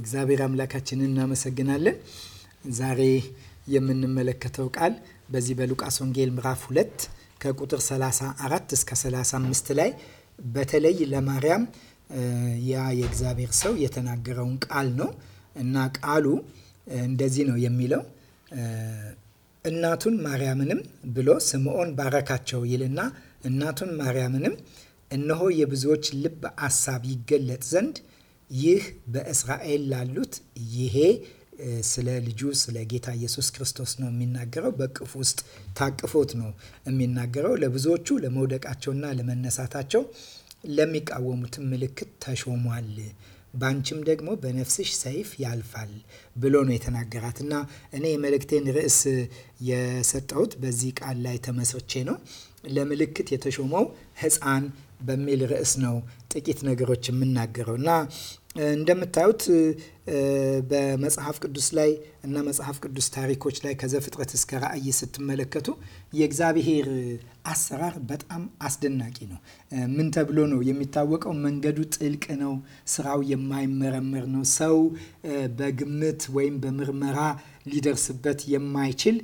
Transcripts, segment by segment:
እግዚአብሔር አምላካችንን እናመሰግናለን። ዛሬ የምንመለከተው ቃል በዚህ በሉቃስ ወንጌል ምዕራፍ 2 ከቁጥር 34 እስከ 35 ላይ በተለይ ለማርያም ያ የእግዚአብሔር ሰው የተናገረውን ቃል ነው እና ቃሉ እንደዚህ ነው የሚለው እናቱን ማርያምንም ብሎ ስምዖን ባረካቸው ይልና እናቱን ማርያምንም እነሆ የብዙዎች ልብ አሳብ ይገለጥ ዘንድ ይህ በእስራኤል ላሉት ይሄ ስለ ልጁ ስለ ጌታ ኢየሱስ ክርስቶስ ነው የሚናገረው። በቅፍ ውስጥ ታቅፎት ነው የሚናገረው። ለብዙዎቹ ለመውደቃቸውና ለመነሳታቸው ለሚቃወሙትም ምልክት ተሾሟል። ባንቺም ደግሞ በነፍስሽ ሰይፍ ያልፋል ብሎ ነው የተናገራት እና እኔ የመልእክቴን ርዕስ የሰጠሁት በዚህ ቃል ላይ ተመስርቼ ነው። ለምልክት የተሾመው ሕፃን በሚል ርዕስ ነው ጥቂት ነገሮች የምናገረው እና እንደምታዩት በመጽሐፍ ቅዱስ ላይ እና መጽሐፍ ቅዱስ ታሪኮች ላይ ከዘፍጥረት እስከ ራእይ ስትመለከቱ የእግዚአብሔር አሰራር በጣም አስደናቂ ነው። ምን ተብሎ ነው የሚታወቀው? መንገዱ ጥልቅ ነው፣ ስራው የማይመረመር ነው፣ ሰው በግምት ወይም በምርመራ ሊደርስበት የማይችል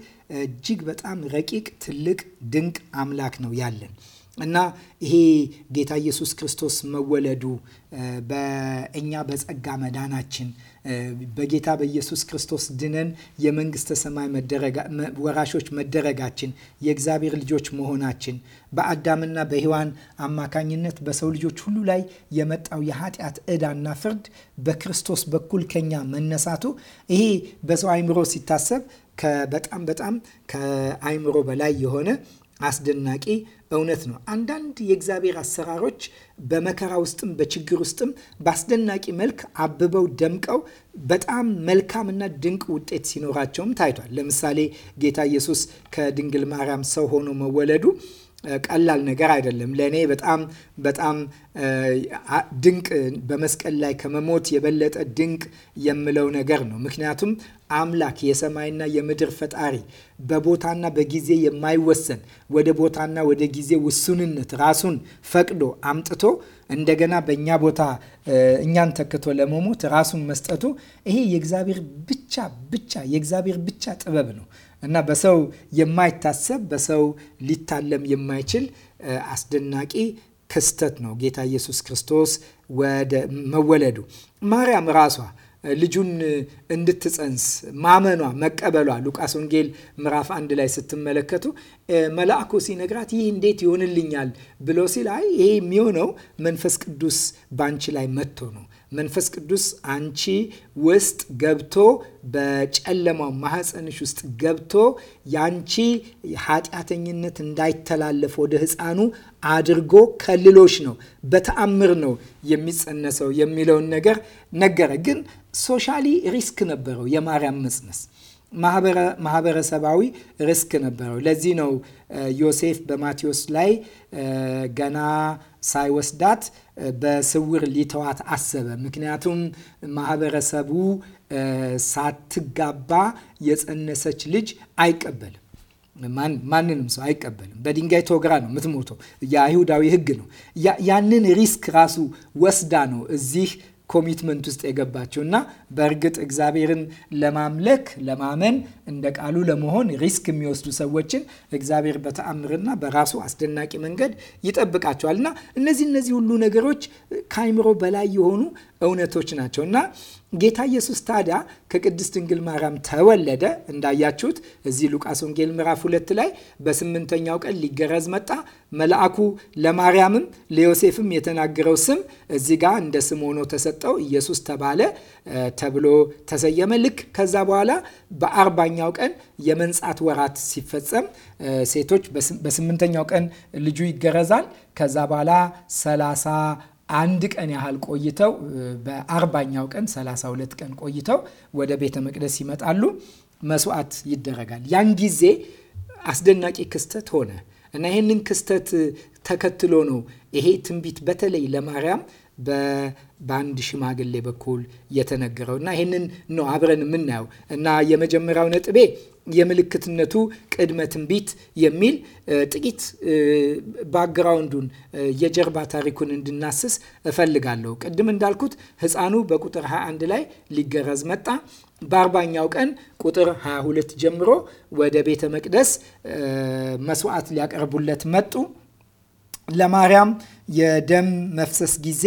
እጅግ በጣም ረቂቅ፣ ትልቅ፣ ድንቅ አምላክ ነው ያለን እና ይሄ ጌታ ኢየሱስ ክርስቶስ መወለዱ በእኛ በጸጋ መዳናችን በጌታ በኢየሱስ ክርስቶስ ድነን የመንግስተ ሰማይ ወራሾች መደረጋችን የእግዚአብሔር ልጆች መሆናችን በአዳምና በሔዋን አማካኝነት በሰው ልጆች ሁሉ ላይ የመጣው የኃጢአት ዕዳና ፍርድ በክርስቶስ በኩል ከኛ መነሳቱ ይሄ በሰው አይምሮ ሲታሰብ በጣም በጣም ከአይምሮ በላይ የሆነ አስደናቂ እውነት ነው። አንዳንድ የእግዚአብሔር አሰራሮች በመከራ ውስጥም በችግር ውስጥም በአስደናቂ መልክ አብበው ደምቀው በጣም መልካምና ድንቅ ውጤት ሲኖራቸውም ታይቷል። ለምሳሌ ጌታ ኢየሱስ ከድንግል ማርያም ሰው ሆኖ መወለዱ ቀላል ነገር አይደለም። ለእኔ በጣም በጣም ድንቅ በመስቀል ላይ ከመሞት የበለጠ ድንቅ የምለው ነገር ነው። ምክንያቱም አምላክ የሰማይና የምድር ፈጣሪ በቦታና በጊዜ የማይወሰን ወደ ቦታና ወደ ጊዜ ውሱንነት ራሱን ፈቅዶ አምጥቶ እንደገና በእኛ ቦታ እኛን ተክቶ ለመሞት ራሱን መስጠቱ ይሄ የእግዚአብሔር ብቻ ብቻ የእግዚአብሔር ብቻ ጥበብ ነው። እና በሰው የማይታሰብ በሰው ሊታለም የማይችል አስደናቂ ክስተት ነው ጌታ ኢየሱስ ክርስቶስ ወደ መወለዱ። ማርያም ራሷ ልጁን እንድትጸንስ ማመኗ መቀበሏ ሉቃስ ወንጌል ምዕራፍ አንድ ላይ ስትመለከቱ መልአኩ ሲነግራት ይህ እንዴት ይሆንልኛል ብሎ ሲል አይ ይሄ የሚሆነው መንፈስ ቅዱስ ባንቺ ላይ መጥቶ ነው መንፈስ ቅዱስ አንቺ ውስጥ ገብቶ በጨለማው ማህፀንሽ ውስጥ ገብቶ ያንቺ ኃጢአተኝነት እንዳይተላለፍ ወደ ህፃኑ አድርጎ ከልሎች ነው፣ በተአምር ነው የሚጸነሰው የሚለውን ነገር ነገረ። ግን ሶሻሊ ሪስክ ነበረው የማርያም መጽነስ ማህበረሰባዊ ርስክ ነበረው። ለዚህ ነው ዮሴፍ በማቴዎስ ላይ ገና ሳይወስዳት በስውር ሊተዋት አሰበ። ምክንያቱም ማህበረሰቡ ሳትጋባ የጸነሰች ልጅ አይቀበልም። ማንንም ሰው አይቀበልም። በድንጋይ ተወግራ ነው የምትሞተው። የአይሁዳዊ ሕግ ነው። ያንን ሪስክ ራሱ ወስዳ ነው እዚህ ኮሚትመንት ውስጥ የገባችው እና በእርግጥ እግዚአብሔርን ለማምለክ ለማመን እንደ ቃሉ ለመሆን ሪስክ የሚወስዱ ሰዎችን እግዚአብሔር በተአምርና በራሱ አስደናቂ መንገድ ይጠብቃቸዋል እና እነዚህ እነዚህ ሁሉ ነገሮች ከአይምሮ በላይ የሆኑ እውነቶች ናቸው እና ጌታ ኢየሱስ ታዲያ ከቅድስት ድንግል ማርያም ተወለደ። እንዳያችሁት እዚህ ሉቃስ ወንጌል ምዕራፍ ሁለት ላይ በስምንተኛው ቀን ሊገረዝ መጣ። መልአኩ ለማርያምም ለዮሴፍም የተናገረው ስም እዚህ ጋር እንደ ስም ሆኖ ተሰጠው። ኢየሱስ ተባለ ተብሎ ተሰየመ። ልክ ከዛ በኋላ በአርባኛው ቀን የመንጻት ወራት ሲፈጸም ሴቶች በስምንተኛው ቀን ልጁ ይገረዛል። ከዛ በኋላ ሰላሳ አንድ ቀን ያህል ቆይተው በአርባኛው ቀን 32 ቀን ቆይተው ወደ ቤተ መቅደስ ይመጣሉ። መስዋዕት ይደረጋል። ያን ጊዜ አስደናቂ ክስተት ሆነ እና ይህንን ክስተት ተከትሎ ነው ይሄ ትንቢት በተለይ ለማርያም በአንድ ሽማግሌ በኩል የተነገረው እና ይህንን ነው አብረን የምናየው እና የመጀመሪያው ነጥቤ የምልክትነቱ ቅድመ ትንቢት የሚል ጥቂት ባክግራውንዱን የጀርባ ታሪኩን እንድናስስ እፈልጋለሁ። ቅድም እንዳልኩት ሕፃኑ በቁጥር 21 ላይ ሊገረዝ መጣ። በአርባኛው ቀን ቁጥር 22 ጀምሮ ወደ ቤተ መቅደስ መስዋዕት ሊያቀርቡለት መጡ። ለማርያም የደም መፍሰስ ጊዜ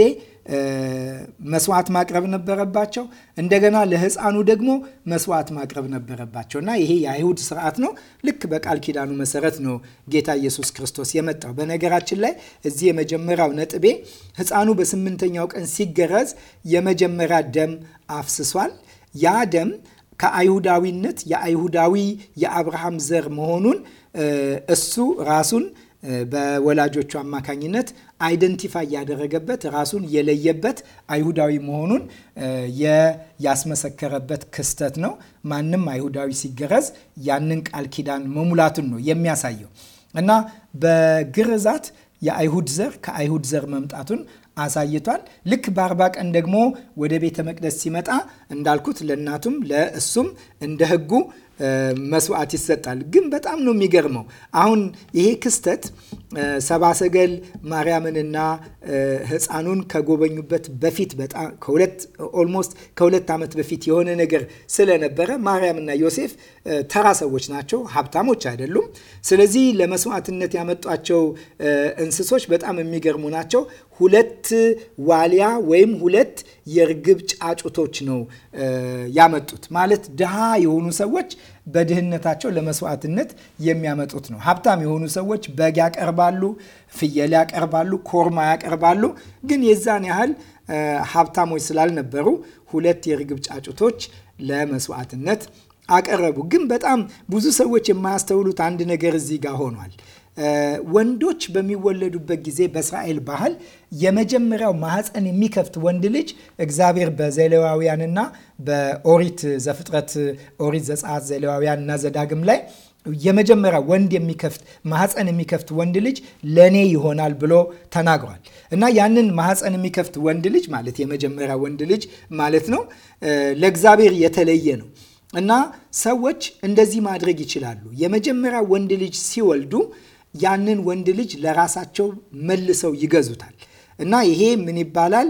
መስዋዕት ማቅረብ ነበረባቸው። እንደገና ለህፃኑ ደግሞ መስዋዕት ማቅረብ ነበረባቸው እና ይሄ የአይሁድ ስርዓት ነው። ልክ በቃል ኪዳኑ መሰረት ነው ጌታ ኢየሱስ ክርስቶስ የመጣው። በነገራችን ላይ እዚህ የመጀመሪያው ነጥቤ ህፃኑ በስምንተኛው ቀን ሲገረዝ የመጀመሪያ ደም አፍስሷል። ያ ደም ከአይሁዳዊነት የአይሁዳዊ የአብርሃም ዘር መሆኑን እሱ ራሱን በወላጆቹ አማካኝነት አይደንቲፋይ ያደረገበት ራሱን የለየበት አይሁዳዊ መሆኑን ያስመሰከረበት ክስተት ነው። ማንም አይሁዳዊ ሲገረዝ ያንን ቃል ኪዳን መሙላቱን ነው የሚያሳየው እና በግርዛት የአይሁድ ዘር ከአይሁድ ዘር መምጣቱን አሳይቷል። ልክ በአርባ ቀን ደግሞ ወደ ቤተ መቅደስ ሲመጣ እንዳልኩት ለእናቱም ለእሱም እንደ ሕጉ መስዋዕት ይሰጣል። ግን በጣም ነው የሚገርመው። አሁን ይሄ ክስተት ሰብአ ሰገል ማርያምንና ሕፃኑን ከጎበኙበት በፊት በጣም ከሁለት ኦልሞስት ከሁለት ዓመት በፊት የሆነ ነገር ስለነበረ ማርያምና ዮሴፍ ተራ ሰዎች ናቸው፣ ሀብታሞች አይደሉም። ስለዚህ ለመስዋዕትነት ያመጧቸው እንስሶች በጣም የሚገርሙ ናቸው። ሁለት ዋሊያ ወይም ሁለት የርግብ ጫጩቶች ነው ያመጡት። ማለት ድሃ የሆኑ ሰዎች በድህነታቸው ለመስዋዕትነት የሚያመጡት ነው። ሀብታም የሆኑ ሰዎች በግ ያቀርባሉ፣ ፍየል ያቀርባሉ፣ ኮርማ ያቀርባሉ። ግን የዛን ያህል ሀብታሞች ስላልነበሩ ሁለት የርግብ ጫጩቶች ለመስዋዕትነት አቀረቡ። ግን በጣም ብዙ ሰዎች የማያስተውሉት አንድ ነገር እዚህ ጋር ሆኗል። ወንዶች በሚወለዱበት ጊዜ በእስራኤል ባህል የመጀመሪያው ማህፀን የሚከፍት ወንድ ልጅ እግዚአብሔር በዘሌዋውያንና በኦሪት ዘፍጥረት ኦሪት ዘጸአት ዘሌዋውያን እና ዘዳግም ላይ የመጀመሪያ ወንድ የሚከፍት ማህፀን የሚከፍት ወንድ ልጅ ለእኔ ይሆናል ብሎ ተናግሯል እና ያንን ማህፀን የሚከፍት ወንድ ልጅ ማለት የመጀመሪያ ወንድ ልጅ ማለት ነው ለእግዚአብሔር የተለየ ነው እና ሰዎች እንደዚህ ማድረግ ይችላሉ። የመጀመሪያ ወንድ ልጅ ሲወልዱ ያንን ወንድ ልጅ ለራሳቸው መልሰው ይገዙታል። እና ይሄ ምን ይባላል?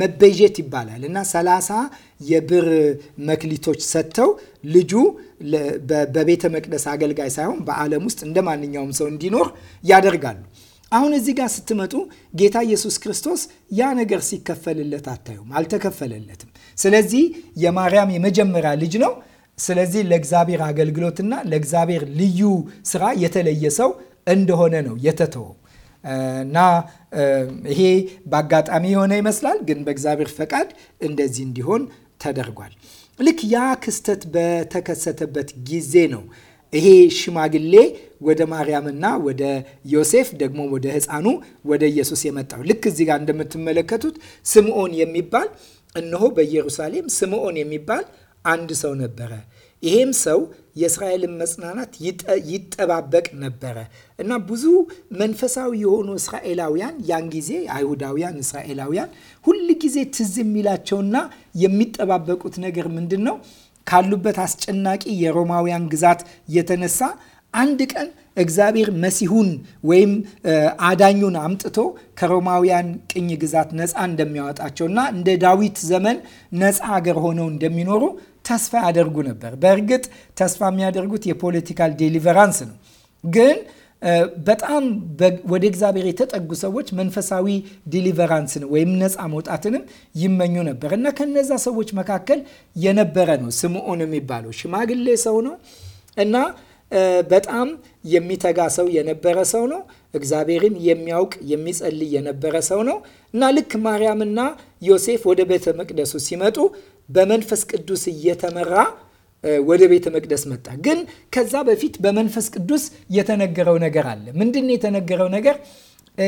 መበጀት ይባላል። እና ሰላሳ የብር መክሊቶች ሰጥተው ልጁ በቤተ መቅደስ አገልጋይ ሳይሆን በዓለም ውስጥ እንደ ማንኛውም ሰው እንዲኖር ያደርጋሉ። አሁን እዚህ ጋር ስትመጡ ጌታ ኢየሱስ ክርስቶስ ያ ነገር ሲከፈልለት አታዩም፣ አልተከፈለለትም። ስለዚህ የማርያም የመጀመሪያ ልጅ ነው። ስለዚህ ለእግዚአብሔር አገልግሎትና ለእግዚአብሔር ልዩ ስራ የተለየ ሰው እንደሆነ ነው የተተወው። እና ይሄ በአጋጣሚ የሆነ ይመስላል፣ ግን በእግዚአብሔር ፈቃድ እንደዚህ እንዲሆን ተደርጓል። ልክ ያ ክስተት በተከሰተበት ጊዜ ነው ይሄ ሽማግሌ ወደ ማርያምና ወደ ዮሴፍ ደግሞ ወደ ሕፃኑ ወደ ኢየሱስ የመጣው። ልክ እዚህ ጋር እንደምትመለከቱት ስምዖን የሚባል እነሆ በኢየሩሳሌም ስምዖን የሚባል አንድ ሰው ነበረ። ይሄም ሰው የእስራኤልን መጽናናት ይጠባበቅ ነበረ እና ብዙ መንፈሳዊ የሆኑ እስራኤላውያን ያን ጊዜ አይሁዳውያን እስራኤላውያን ሁል ጊዜ ትዝ የሚላቸውና የሚጠባበቁት ነገር ምንድን ነው? ካሉበት አስጨናቂ የሮማውያን ግዛት የተነሳ አንድ ቀን እግዚአብሔር መሲሁን ወይም አዳኙን አምጥቶ ከሮማውያን ቅኝ ግዛት ነፃ እንደሚያወጣቸውና እንደ ዳዊት ዘመን ነፃ ሀገር ሆነው እንደሚኖሩ ተስፋ ያደርጉ ነበር። በእርግጥ ተስፋ የሚያደርጉት የፖለቲካል ዴሊቨራንስ ነው። ግን በጣም ወደ እግዚአብሔር የተጠጉ ሰዎች መንፈሳዊ ዴሊቨራንስን ወይም ነፃ መውጣትንም ይመኙ ነበር እና ከነዛ ሰዎች መካከል የነበረ ነው ስምዖን የሚባለው ሽማግሌ ሰው ነው እና በጣም የሚተጋ ሰው የነበረ ሰው ነው። እግዚአብሔርን የሚያውቅ የሚጸልይ የነበረ ሰው ነው እና ልክ ማርያምና ዮሴፍ ወደ ቤተ መቅደሱ ሲመጡ በመንፈስ ቅዱስ እየተመራ ወደ ቤተ መቅደስ መጣ። ግን ከዛ በፊት በመንፈስ ቅዱስ የተነገረው ነገር አለ። ምንድን የተነገረው ነገር?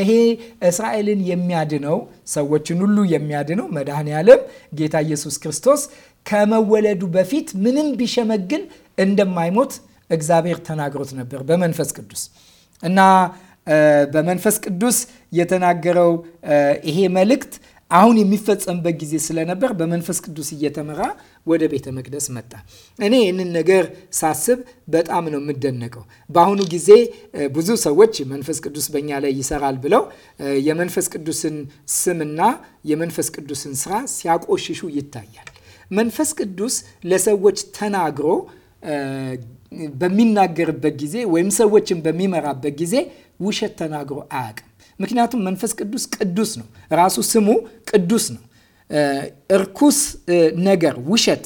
ይሄ እስራኤልን የሚያድነው ሰዎችን ሁሉ የሚያድነው መድኃኔ ዓለም ጌታ ኢየሱስ ክርስቶስ ከመወለዱ በፊት ምንም ቢሸመግል እንደማይሞት እግዚአብሔር ተናግሮት ነበር በመንፈስ ቅዱስ እና በመንፈስ ቅዱስ የተናገረው ይሄ መልእክት አሁን የሚፈጸምበት ጊዜ ስለነበር በመንፈስ ቅዱስ እየተመራ ወደ ቤተ መቅደስ መጣ። እኔ ይህንን ነገር ሳስብ በጣም ነው የምደነቀው። በአሁኑ ጊዜ ብዙ ሰዎች መንፈስ ቅዱስ በእኛ ላይ ይሰራል ብለው የመንፈስ ቅዱስን ስምና የመንፈስ ቅዱስን ስራ ሲያቆሽሹ ይታያል። መንፈስ ቅዱስ ለሰዎች ተናግሮ በሚናገርበት ጊዜ ወይም ሰዎችን በሚመራበት ጊዜ ውሸት ተናግሮ አያውቅም። ምክንያቱም መንፈስ ቅዱስ ቅዱስ ነው። ራሱ ስሙ ቅዱስ ነው። እርኩስ ነገር፣ ውሸት፣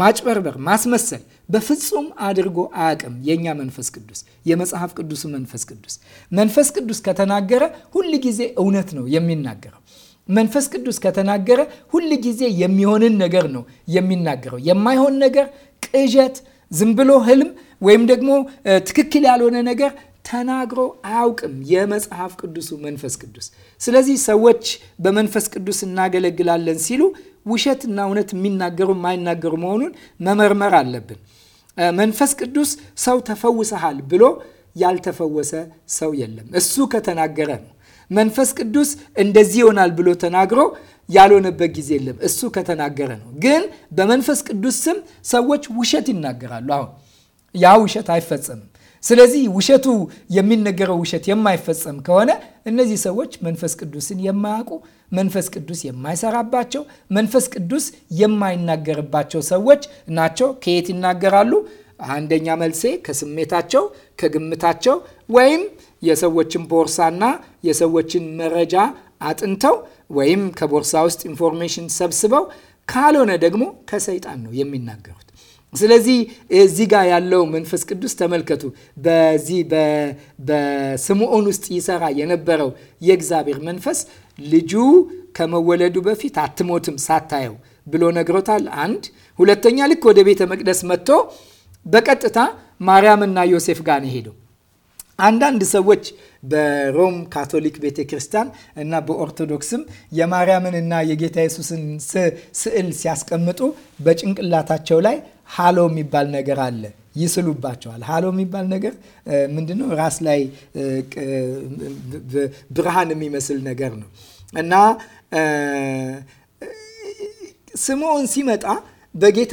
ማጭበርበር፣ ማስመሰል በፍጹም አድርጎ አያውቅም። የእኛ መንፈስ ቅዱስ የመጽሐፍ ቅዱስ መንፈስ ቅዱስ መንፈስ ቅዱስ ከተናገረ ሁል ጊዜ እውነት ነው የሚናገረው። መንፈስ ቅዱስ ከተናገረ ሁል ጊዜ የሚሆንን ነገር ነው የሚናገረው። የማይሆን ነገር፣ ቅዠት፣ ዝም ብሎ ህልም ወይም ደግሞ ትክክል ያልሆነ ነገር ተናግሮ አያውቅም የመጽሐፍ ቅዱሱ መንፈስ ቅዱስ። ስለዚህ ሰዎች በመንፈስ ቅዱስ እናገለግላለን ሲሉ ውሸትና እውነት የሚናገሩ የማይናገሩ መሆኑን መመርመር አለብን። መንፈስ ቅዱስ ሰው ተፈውሰሃል ብሎ ያልተፈወሰ ሰው የለም። እሱ ከተናገረ ነው። መንፈስ ቅዱስ እንደዚህ ይሆናል ብሎ ተናግሮ ያልሆነበት ጊዜ የለም። እሱ ከተናገረ ነው። ግን በመንፈስ ቅዱስ ስም ሰዎች ውሸት ይናገራሉ። አሁን ያ ውሸት አይፈጸምም። ስለዚህ ውሸቱ የሚነገረው ውሸት የማይፈጸም ከሆነ እነዚህ ሰዎች መንፈስ ቅዱስን የማያውቁ፣ መንፈስ ቅዱስ የማይሰራባቸው፣ መንፈስ ቅዱስ የማይናገርባቸው ሰዎች ናቸው። ከየት ይናገራሉ? አንደኛ መልሴ ከስሜታቸው፣ ከግምታቸው ወይም የሰዎችን ቦርሳና የሰዎችን መረጃ አጥንተው ወይም ከቦርሳ ውስጥ ኢንፎርሜሽን ሰብስበው ካልሆነ ደግሞ ከሰይጣን ነው የሚናገሩት። ስለዚህ እዚህ ጋር ያለው መንፈስ ቅዱስ ተመልከቱ። በዚህ በስምዖን ውስጥ ይሰራ የነበረው የእግዚአብሔር መንፈስ ልጁ ከመወለዱ በፊት አትሞትም ሳታየው ብሎ ነግሮታል። አንድ ሁለተኛ፣ ልክ ወደ ቤተ መቅደስ መጥቶ በቀጥታ ማርያምና ዮሴፍ ጋር ነው ሄደው አንዳንድ ሰዎች በሮም ካቶሊክ ቤተ ክርስቲያን እና በኦርቶዶክስም የማርያምን እና የጌታ ኢየሱስን ስዕል ሲያስቀምጡ በጭንቅላታቸው ላይ ሃሎ የሚባል ነገር አለ ይስሉባቸዋል። ሃሎ የሚባል ነገር ምንድነው? ራስ ላይ ብርሃን የሚመስል ነገር ነው እና ስምዖን ሲመጣ በጌታ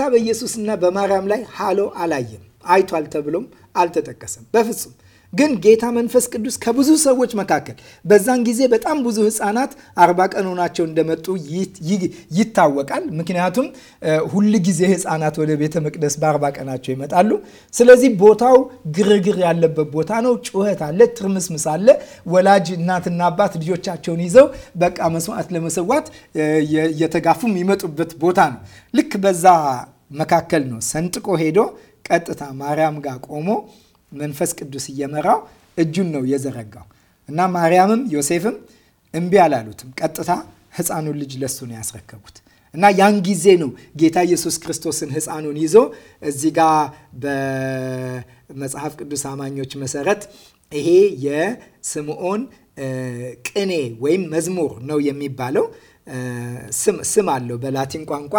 እና በማርያም ላይ ሃሎ አላየም። አይቷል ተብሎም አልተጠቀሰም በፍጹም ግን ጌታ መንፈስ ቅዱስ ከብዙ ሰዎች መካከል በዛን ጊዜ በጣም ብዙ ህፃናት አርባ ቀን ሆናቸው እንደመጡ ይታወቃል። ምክንያቱም ሁል ጊዜ ህፃናት ወደ ቤተ መቅደስ በአርባ ቀናቸው ይመጣሉ። ስለዚህ ቦታው ግርግር ያለበት ቦታ ነው። ጩኸት አለ፣ ትርምስምስ አለ። ወላጅ እናትና አባት ልጆቻቸውን ይዘው በቃ መስዋዕት ለመሰዋት እየተጋፉ የሚመጡበት ቦታ ነው። ልክ በዛ መካከል ነው ሰንጥቆ ሄዶ ቀጥታ ማርያም ጋር ቆሞ መንፈስ ቅዱስ እየመራው እጁን ነው የዘረጋው እና ማርያምም ዮሴፍም እምቢ አላሉትም። ቀጥታ ህፃኑን ልጅ ለሱ ነው ያስረከቡት። እና ያን ጊዜ ነው ጌታ ኢየሱስ ክርስቶስን ህፃኑን ይዞ እዚህ ጋ በመጽሐፍ ቅዱስ አማኞች መሰረት ይሄ የስምዖን ቅኔ ወይም መዝሙር ነው የሚባለው። ስም አለው በላቲን ቋንቋ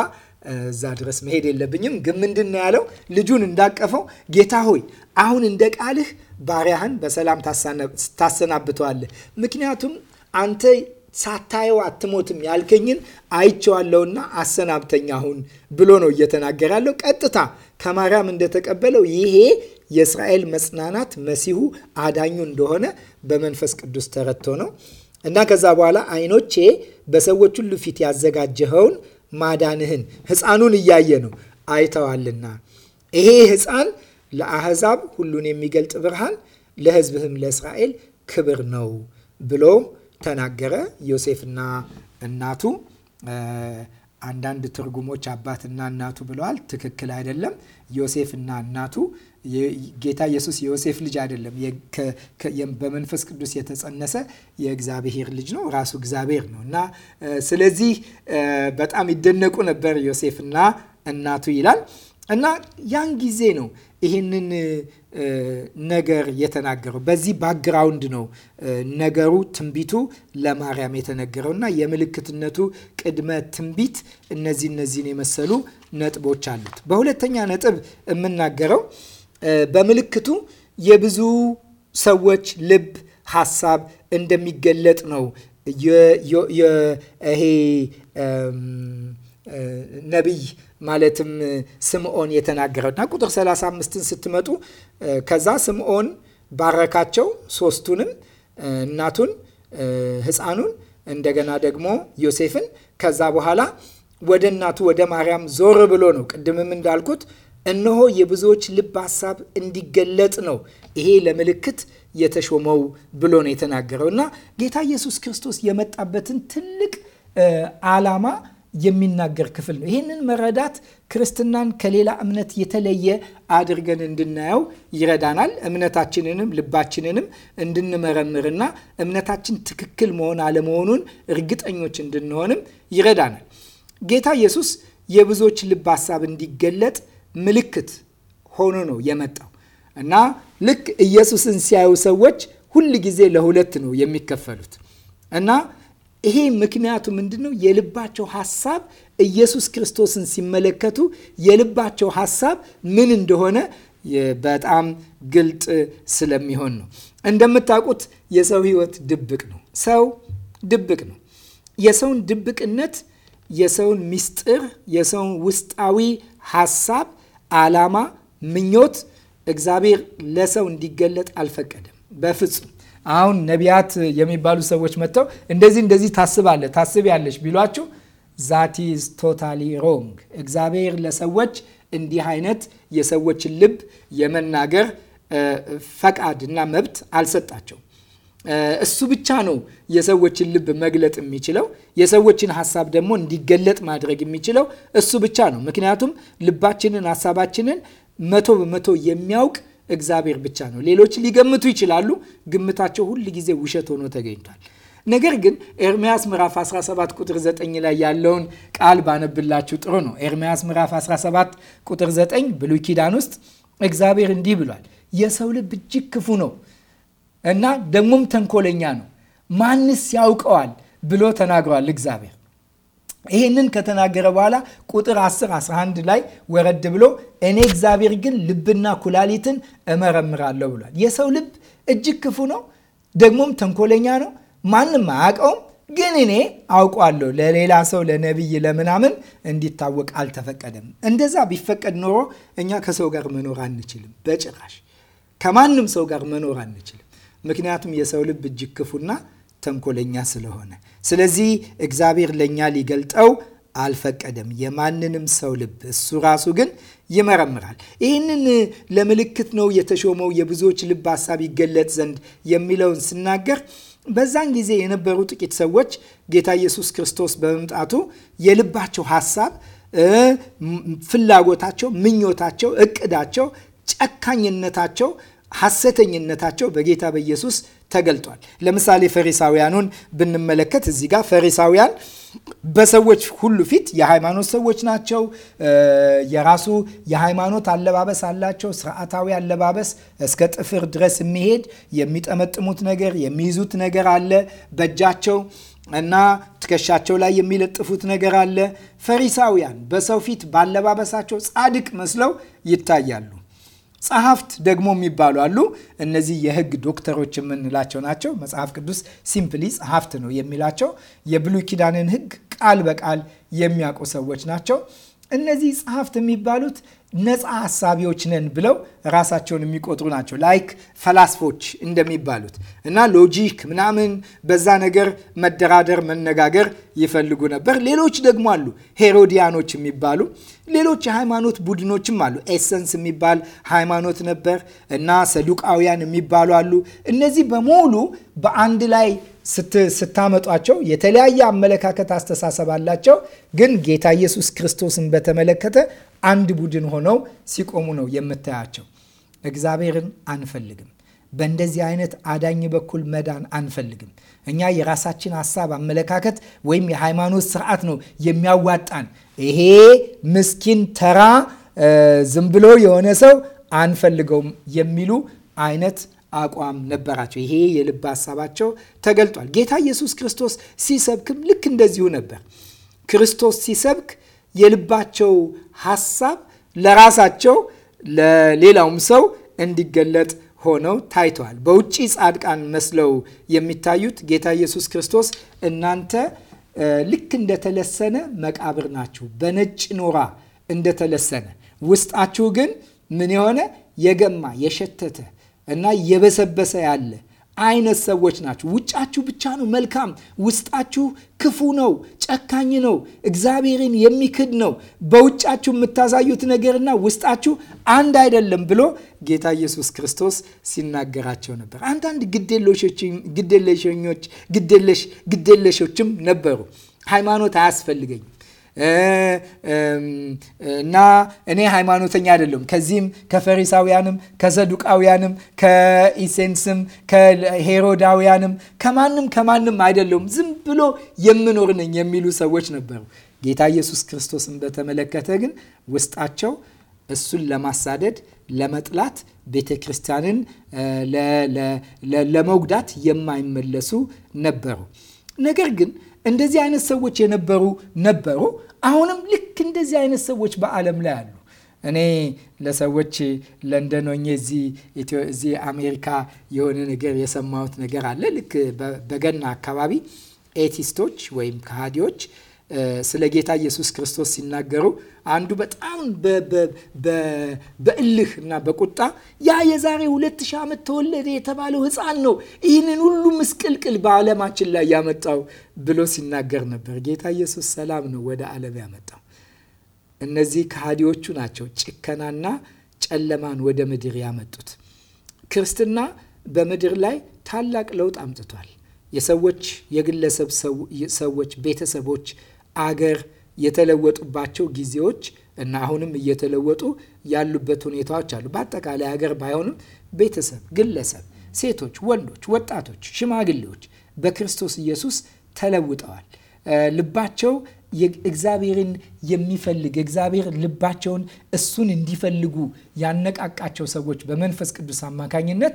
እዛ ድረስ መሄድ የለብኝም። ግን ምንድን ያለው? ልጁን እንዳቀፈው ጌታ ሆይ አሁን እንደ ቃልህ ባሪያህን በሰላም ታሰናብተዋለህ፣ ምክንያቱም አንተ ሳታየው አትሞትም ያልከኝን አይቼዋለሁና አሰናብተኝ አሁን ብሎ ነው እየተናገረ ያለው። ቀጥታ ከማርያም እንደተቀበለው ይሄ የእስራኤል መጽናናት መሲሁ አዳኙ እንደሆነ በመንፈስ ቅዱስ ተረድቶ ነው እና ከዛ በኋላ አይኖቼ በሰዎች ሁሉ ፊት ያዘጋጀኸውን ማዳንህን ሕፃኑን እያየ ነው አይተዋልና ይሄ ሕፃን ለአህዛብ ሁሉን የሚገልጥ ብርሃን ለሕዝብህም ለእስራኤል ክብር ነው ብሎ ተናገረ። ዮሴፍና እናቱ አንዳንድ ትርጉሞች አባትና እናቱ ብለዋል። ትክክል አይደለም። ዮሴፍና እናቱ ጌታ ኢየሱስ የዮሴፍ ልጅ አይደለም። በመንፈስ ቅዱስ የተጸነሰ የእግዚአብሔር ልጅ ነው። ራሱ እግዚአብሔር ነው እና ስለዚህ በጣም ይደነቁ ነበር ዮሴፍና እናቱ ይላል እና ያን ጊዜ ነው ይህንን ነገር የተናገረው። በዚህ ባክግራውንድ ነው ነገሩ ትንቢቱ ለማርያም የተነገረው እና የምልክትነቱ ቅድመ ትንቢት እነዚህ እነዚህን የመሰሉ ነጥቦች አሉት። በሁለተኛ ነጥብ የምናገረው በምልክቱ የብዙ ሰዎች ልብ ሀሳብ እንደሚገለጥ ነው። ይሄ ነቢይ ማለትም ስምዖን የተናገረው እና ቁጥር 35ን ስትመጡ ከዛ ስምዖን ባረካቸው ሶስቱንም እናቱን፣ ህፃኑን እንደገና ደግሞ ዮሴፍን ከዛ በኋላ ወደ እናቱ ወደ ማርያም ዞር ብሎ ነው። ቅድምም እንዳልኩት እነሆ የብዙዎች ልብ ሀሳብ እንዲገለጥ ነው ይሄ ለምልክት የተሾመው ብሎ ነው የተናገረው እና ጌታ ኢየሱስ ክርስቶስ የመጣበትን ትልቅ ዓላማ የሚናገር ክፍል ነው። ይህንን መረዳት ክርስትናን ከሌላ እምነት የተለየ አድርገን እንድናየው ይረዳናል። እምነታችንንም ልባችንንም እንድንመረምርና እምነታችን ትክክል መሆን አለመሆኑን እርግጠኞች እንድንሆንም ይረዳናል። ጌታ ኢየሱስ የብዙዎች ልብ ሀሳብ እንዲገለጥ ምልክት ሆኖ ነው የመጣው እና ልክ ኢየሱስን ሲያዩ ሰዎች ሁል ጊዜ ለሁለት ነው የሚከፈሉት እና ይሄ ምክንያቱ ምንድን ነው? የልባቸው ሀሳብ ኢየሱስ ክርስቶስን ሲመለከቱ የልባቸው ሀሳብ ምን እንደሆነ በጣም ግልጥ ስለሚሆን ነው። እንደምታውቁት የሰው ህይወት ድብቅ ነው። ሰው ድብቅ ነው። የሰውን ድብቅነት፣ የሰውን ምስጢር፣ የሰውን ውስጣዊ ሀሳብ ዓላማ፣ ምኞት እግዚአብሔር ለሰው እንዲገለጥ አልፈቀደም በፍጹም። አሁን ነቢያት የሚባሉ ሰዎች መጥተው እንደዚህ እንደዚህ ታስባለ ታስብ ያለች ቢሏችሁ ዛት ኢዝ ቶታሊ ሮንግ። እግዚአብሔር ለሰዎች እንዲህ አይነት የሰዎችን ልብ የመናገር ፈቃድ እና መብት አልሰጣቸው እሱ ብቻ ነው የሰዎችን ልብ መግለጥ የሚችለው። የሰዎችን ሀሳብ ደግሞ እንዲገለጥ ማድረግ የሚችለው እሱ ብቻ ነው። ምክንያቱም ልባችንን፣ ሀሳባችንን መቶ በመቶ የሚያውቅ እግዚአብሔር ብቻ ነው። ሌሎች ሊገምቱ ይችላሉ። ግምታቸው ሁል ጊዜ ውሸት ሆኖ ተገኝቷል። ነገር ግን ኤርሜያስ ምዕራፍ 17 ቁጥር 9 ላይ ያለውን ቃል ባነብላችሁ ጥሩ ነው። ኤርሜያስ ምዕራፍ 17 ቁጥር 9 ብሉይ ኪዳን ውስጥ እግዚአብሔር እንዲህ ብሏል፣ የሰው ልብ እጅግ ክፉ ነው እና ደግሞም ተንኮለኛ ነው፣ ማንስ ያውቀዋል ብሎ ተናግሯል እግዚአብሔር። ይህንን ከተናገረ በኋላ ቁጥር 10 11 ላይ ወረድ ብሎ እኔ እግዚአብሔር ግን ልብና ኩላሊትን እመረምራለሁ ብሏል። የሰው ልብ እጅግ ክፉ ነው፣ ደግሞም ተንኮለኛ ነው፣ ማንም አያውቀውም። ግን እኔ አውቋለሁ። ለሌላ ሰው ለነቢይ፣ ለምናምን እንዲታወቅ አልተፈቀደም። እንደዛ ቢፈቀድ ኖሮ እኛ ከሰው ጋር መኖር አንችልም። በጭራሽ ከማንም ሰው ጋር መኖር አንችልም። ምክንያቱም የሰው ልብ እጅግ ክፉና ተንኮለኛ ስለሆነ፣ ስለዚህ እግዚአብሔር ለእኛ ሊገልጠው አልፈቀደም የማንንም ሰው ልብ። እሱ ራሱ ግን ይመረምራል። ይህንን ለምልክት ነው የተሾመው የብዙዎች ልብ ሀሳብ ይገለጥ ዘንድ የሚለውን ስናገር በዛን ጊዜ የነበሩ ጥቂት ሰዎች ጌታ ኢየሱስ ክርስቶስ በመምጣቱ የልባቸው ሀሳብ፣ ፍላጎታቸው፣ ምኞታቸው፣ እቅዳቸው፣ ጨካኝነታቸው ሐሰተኝነታቸው በጌታ በኢየሱስ ተገልጧል። ለምሳሌ ፈሪሳውያኑን ብንመለከት እዚህ ጋር ፈሪሳውያን በሰዎች ሁሉ ፊት የሃይማኖት ሰዎች ናቸው። የራሱ የሃይማኖት አለባበስ አላቸው። ስርዓታዊ አለባበስ እስከ ጥፍር ድረስ የሚሄድ የሚጠመጥሙት ነገር የሚይዙት ነገር አለ በእጃቸው እና ትከሻቸው ላይ የሚለጥፉት ነገር አለ። ፈሪሳውያን በሰው ፊት ባለባበሳቸው ጻድቅ መስለው ይታያሉ። ጸሐፍት ደግሞ የሚባሉ አሉ። እነዚህ የህግ ዶክተሮች የምንላቸው ናቸው። መጽሐፍ ቅዱስ ሲምፕሊ ጸሐፍት ነው የሚላቸው የብሉይ ኪዳንን ህግ ቃል በቃል የሚያውቁ ሰዎች ናቸው። እነዚህ ጸሐፍት የሚባሉት ነፃ ሀሳቢዎች ነን ብለው ራሳቸውን የሚቆጥሩ ናቸው። ላይክ ፈላስፎች እንደሚባሉት እና ሎጂክ ምናምን በዛ ነገር መደራደር፣ መነጋገር ይፈልጉ ነበር። ሌሎች ደግሞ አሉ ሄሮዲያኖች የሚባሉ ሌሎች የሃይማኖት ቡድኖችም አሉ። ኤሰንስ የሚባል ሃይማኖት ነበር እና ሰዱቃውያን የሚባሉ አሉ። እነዚህ በሙሉ በአንድ ላይ ስታመጧቸው የተለያየ አመለካከት፣ አስተሳሰብ አላቸው። ግን ጌታ ኢየሱስ ክርስቶስን በተመለከተ አንድ ቡድን ሆነው ሲቆሙ ነው የምታያቸው። እግዚአብሔርን አንፈልግም በእንደዚህ አይነት አዳኝ በኩል መዳን አንፈልግም። እኛ የራሳችን ሀሳብ፣ አመለካከት ወይም የሃይማኖት ስርዓት ነው የሚያዋጣን። ይሄ ምስኪን ተራ ዝም ብሎ የሆነ ሰው አንፈልገውም የሚሉ አይነት አቋም ነበራቸው። ይሄ የልብ ሀሳባቸው ተገልጧል። ጌታ ኢየሱስ ክርስቶስ ሲሰብክም ልክ እንደዚሁ ነበር። ክርስቶስ ሲሰብክ የልባቸው ሀሳብ ለራሳቸው ለሌላውም ሰው እንዲገለጥ ሆነው ታይተዋል። በውጭ ጻድቃን መስለው የሚታዩት ጌታ ኢየሱስ ክርስቶስ እናንተ ልክ እንደተለሰነ መቃብር ናችሁ፣ በነጭ ኖራ እንደተለሰነ ውስጣችሁ ግን ምን የሆነ የገማ የሸተተ እና የበሰበሰ ያለ አይነት ሰዎች ናችሁ። ውጫችሁ ብቻ ነው መልካም፣ ውስጣችሁ ክፉ ነው፣ ጨካኝ ነው፣ እግዚአብሔርን የሚክድ ነው። በውጫችሁ የምታሳዩት ነገርና ውስጣችሁ አንድ አይደለም ብሎ ጌታ ኢየሱስ ክርስቶስ ሲናገራቸው ነበር። አንዳንድ ግዴለሾችም ነበሩ። ሃይማኖት አያስፈልገኝም እና እኔ ሃይማኖተኛ አይደለም። ከዚህም ከፈሪሳውያንም ከሰዱቃውያንም ከኢሴንስም ከሄሮዳውያንም ከማንም ከማንም አይደለም ዝም ብሎ የምኖር ነኝ የሚሉ ሰዎች ነበሩ። ጌታ ኢየሱስ ክርስቶስን በተመለከተ ግን ውስጣቸው እሱን ለማሳደድ ለመጥላት፣ ቤተ ክርስቲያንን ለመጉዳት የማይመለሱ ነበሩ። ነገር ግን እንደዚህ አይነት ሰዎች የነበሩ ነበሩ። አሁንም ልክ እንደዚህ አይነት ሰዎች በዓለም ላይ አሉ። እኔ ለሰዎች ለንደን ሆኜ እዚህ አሜሪካ የሆነ ነገር የሰማሁት ነገር አለ። ልክ በገና አካባቢ ኤቲስቶች ወይም ከሃዲዎች ስለ ጌታ ኢየሱስ ክርስቶስ ሲናገሩ አንዱ በጣም በእልህ እና በቁጣ ያ የዛሬ ሁለት ዓመት ተወለደ የተባለው ሕፃን ነው ይህንን ሁሉ ምስቅልቅል በዓለማችን ላይ ያመጣው ብሎ ሲናገር ነበር። ጌታ ኢየሱስ ሰላም ነው ወደ ዓለም ያመጣው። እነዚህ ከሃዲዎቹ ናቸው ጭከናና ጨለማን ወደ ምድር ያመጡት። ክርስትና በምድር ላይ ታላቅ ለውጥ አምጥቷል። የሰዎች የግለሰብ ሰዎች ቤተሰቦች አገር የተለወጡባቸው ጊዜዎች እና አሁንም እየተለወጡ ያሉበት ሁኔታዎች አሉ። በአጠቃላይ ሀገር ባይሆንም ቤተሰብ፣ ግለሰብ፣ ሴቶች፣ ወንዶች፣ ወጣቶች፣ ሽማግሌዎች በክርስቶስ ኢየሱስ ተለውጠዋል። ልባቸው እግዚአብሔርን የሚፈልግ እግዚአብሔር ልባቸውን እሱን እንዲፈልጉ ያነቃቃቸው ሰዎች በመንፈስ ቅዱስ አማካኝነት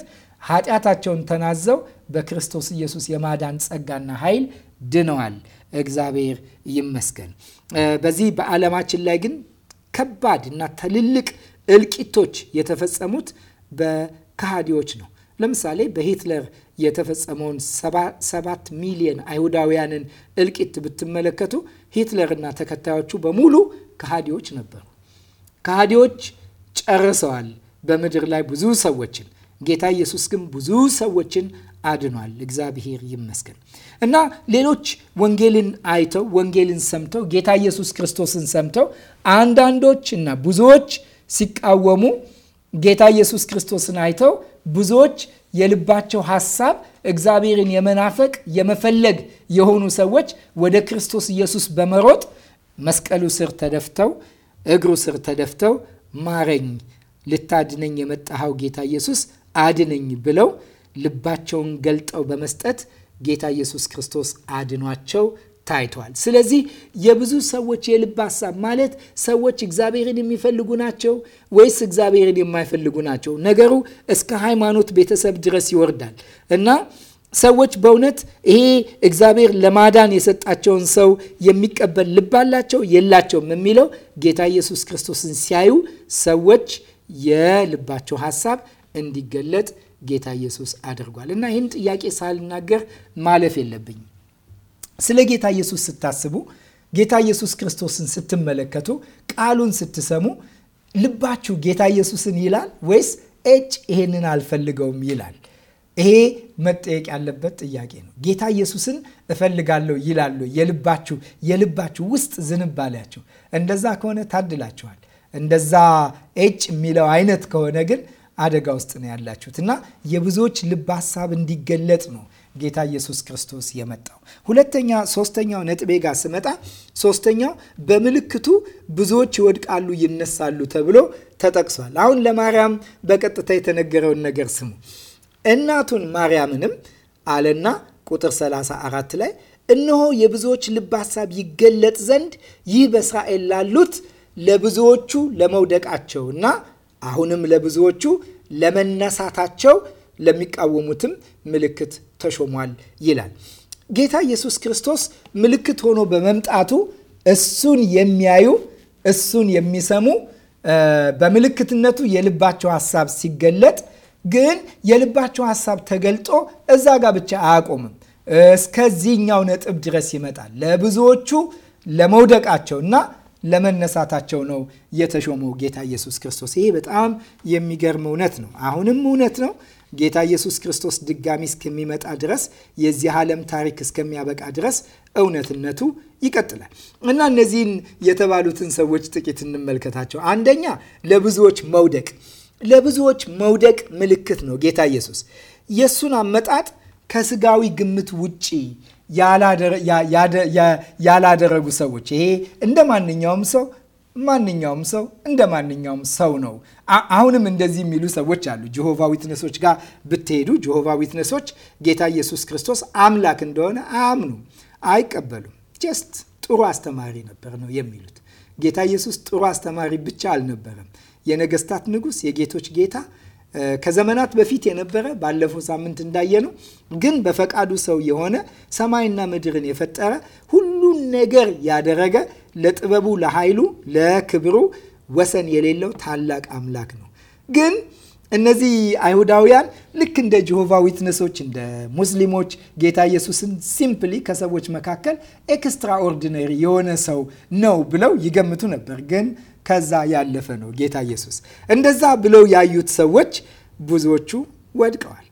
ኃጢአታቸውን ተናዘው በክርስቶስ ኢየሱስ የማዳን ጸጋና ኃይል ድነዋል። እግዚአብሔር ይመስገን። በዚህ በዓለማችን ላይ ግን ከባድ እና ትልልቅ እልቂቶች የተፈጸሙት በካሃዲዎች ነው። ለምሳሌ በሂትለር የተፈጸመውን ሰባት ሚሊዮን አይሁዳውያንን እልቂት ብትመለከቱ ሂትለር እና ተከታዮቹ በሙሉ ከሃዲዎች ነበሩ። ከሃዲዎች ጨርሰዋል በምድር ላይ ብዙ ሰዎችን። ጌታ ኢየሱስ ግን ብዙ ሰዎችን አድኗል። እግዚአብሔር ይመስገን። እና ሌሎች ወንጌልን አይተው ወንጌልን ሰምተው ጌታ ኢየሱስ ክርስቶስን ሰምተው አንዳንዶች እና ብዙዎች ሲቃወሙ ጌታ ኢየሱስ ክርስቶስን አይተው ብዙዎች የልባቸው ሐሳብ እግዚአብሔርን የመናፈቅ የመፈለግ የሆኑ ሰዎች ወደ ክርስቶስ ኢየሱስ በመሮጥ መስቀሉ ስር ተደፍተው እግሩ ስር ተደፍተው ማረኝ፣ ልታድነኝ የመጣኸው ጌታ ኢየሱስ አድነኝ ብለው ልባቸውን ገልጠው በመስጠት ጌታ ኢየሱስ ክርስቶስ አድኗቸው ታይቷል። ስለዚህ የብዙ ሰዎች የልብ ሀሳብ ማለት ሰዎች እግዚአብሔርን የሚፈልጉ ናቸው ወይስ እግዚአብሔርን የማይፈልጉ ናቸው? ነገሩ እስከ ሃይማኖት ቤተሰብ ድረስ ይወርዳል እና ሰዎች በእውነት ይሄ እግዚአብሔር ለማዳን የሰጣቸውን ሰው የሚቀበል ልብ አላቸው የላቸውም የሚለው ጌታ ኢየሱስ ክርስቶስን ሲያዩ ሰዎች የልባቸው ሀሳብ እንዲገለጥ ጌታ ኢየሱስ አድርጓል። እና ይህን ጥያቄ ሳልናገር ማለፍ የለብኝም። ስለ ጌታ ኢየሱስ ስታስቡ፣ ጌታ ኢየሱስ ክርስቶስን ስትመለከቱ፣ ቃሉን ስትሰሙ፣ ልባችሁ ጌታ ኢየሱስን ይላል ወይስ እጭ ይሄንን አልፈልገውም ይላል? ይሄ መጠየቅ ያለበት ጥያቄ ነው። ጌታ ኢየሱስን እፈልጋለሁ ይላሉ? የልባችሁ የልባችሁ ውስጥ ዝንባሌያችሁ እንደዛ ከሆነ ታድላችኋል። እንደዛ እጭ የሚለው አይነት ከሆነ ግን አደጋ ውስጥ ነው ያላችሁት እና የብዙዎች ልብ ሀሳብ እንዲገለጥ ነው ጌታ ኢየሱስ ክርስቶስ የመጣው። ሁለተኛ ሶስተኛው ነጥቤ ጋር ስመጣ ሶስተኛው በምልክቱ ብዙዎች ይወድቃሉ፣ ይነሳሉ ተብሎ ተጠቅሷል። አሁን ለማርያም በቀጥታ የተነገረውን ነገር ስሙ። እናቱን ማርያምንም አለና ቁጥር 34 ላይ እነሆ የብዙዎች ልብ ሀሳብ ይገለጥ ዘንድ ይህ በእስራኤል ላሉት ለብዙዎቹ ለመውደቃቸው እና አሁንም ለብዙዎቹ ለመነሳታቸው ለሚቃወሙትም ምልክት ተሾሟል ይላል። ጌታ ኢየሱስ ክርስቶስ ምልክት ሆኖ በመምጣቱ እሱን የሚያዩ እሱን የሚሰሙ በምልክትነቱ የልባቸው ሀሳብ ሲገለጥ ግን የልባቸው ሀሳብ ተገልጦ እዛ ጋር ብቻ አያቆምም። እስከዚህኛው ነጥብ ድረስ ይመጣል። ለብዙዎቹ ለመውደቃቸው እና ለመነሳታቸው ነው የተሾመው ጌታ ኢየሱስ ክርስቶስ። ይሄ በጣም የሚገርም እውነት ነው። አሁንም እውነት ነው። ጌታ ኢየሱስ ክርስቶስ ድጋሚ እስከሚመጣ ድረስ የዚህ ዓለም ታሪክ እስከሚያበቃ ድረስ እውነትነቱ ይቀጥላል እና እነዚህን የተባሉትን ሰዎች ጥቂት እንመልከታቸው። አንደኛ ለብዙዎች መውደቅ፣ ለብዙዎች መውደቅ ምልክት ነው ጌታ ኢየሱስ የእሱን አመጣጥ ከስጋዊ ግምት ውጪ ያላደረጉ ሰዎች። ይሄ እንደ ማንኛውም ሰው ማንኛውም ሰው እንደ ማንኛውም ሰው ነው። አሁንም እንደዚህ የሚሉ ሰዎች አሉ። ጀሆቫ ዊትነሶች ጋር ብትሄዱ ጀሆቫ ዊትነሶች ጌታ ኢየሱስ ክርስቶስ አምላክ እንደሆነ አያምኑ፣ አይቀበሉም። ጀስት ጥሩ አስተማሪ ነበር ነው የሚሉት። ጌታ ኢየሱስ ጥሩ አስተማሪ ብቻ አልነበረም፣ የነገስታት ንጉስ የጌቶች ጌታ ከዘመናት በፊት የነበረ ባለፈው ሳምንት ነው። ግን በፈቃዱ ሰው የሆነ ሰማይና ምድርን የፈጠረ ሁሉን ነገር ያደረገ ለጥበቡ፣ ለኃይሉ፣ ለክብሩ ወሰን የሌለው ታላቅ አምላክ ነው። ግን እነዚህ አይሁዳውያን ልክ እንደ ጆሆቫ ዊትነሶች፣ እንደ ሙስሊሞች ጌታ ኢየሱስን ሲምፕሊ ከሰዎች መካከል ኤክስትራኦርዲነሪ የሆነ ሰው ነው ብለው ይገምቱ ነበር ግን ከዛ ያለፈ ነው ጌታ ኢየሱስ። እንደዛ ብለው ያዩት ሰዎች ብዙዎቹ ወድቀዋል።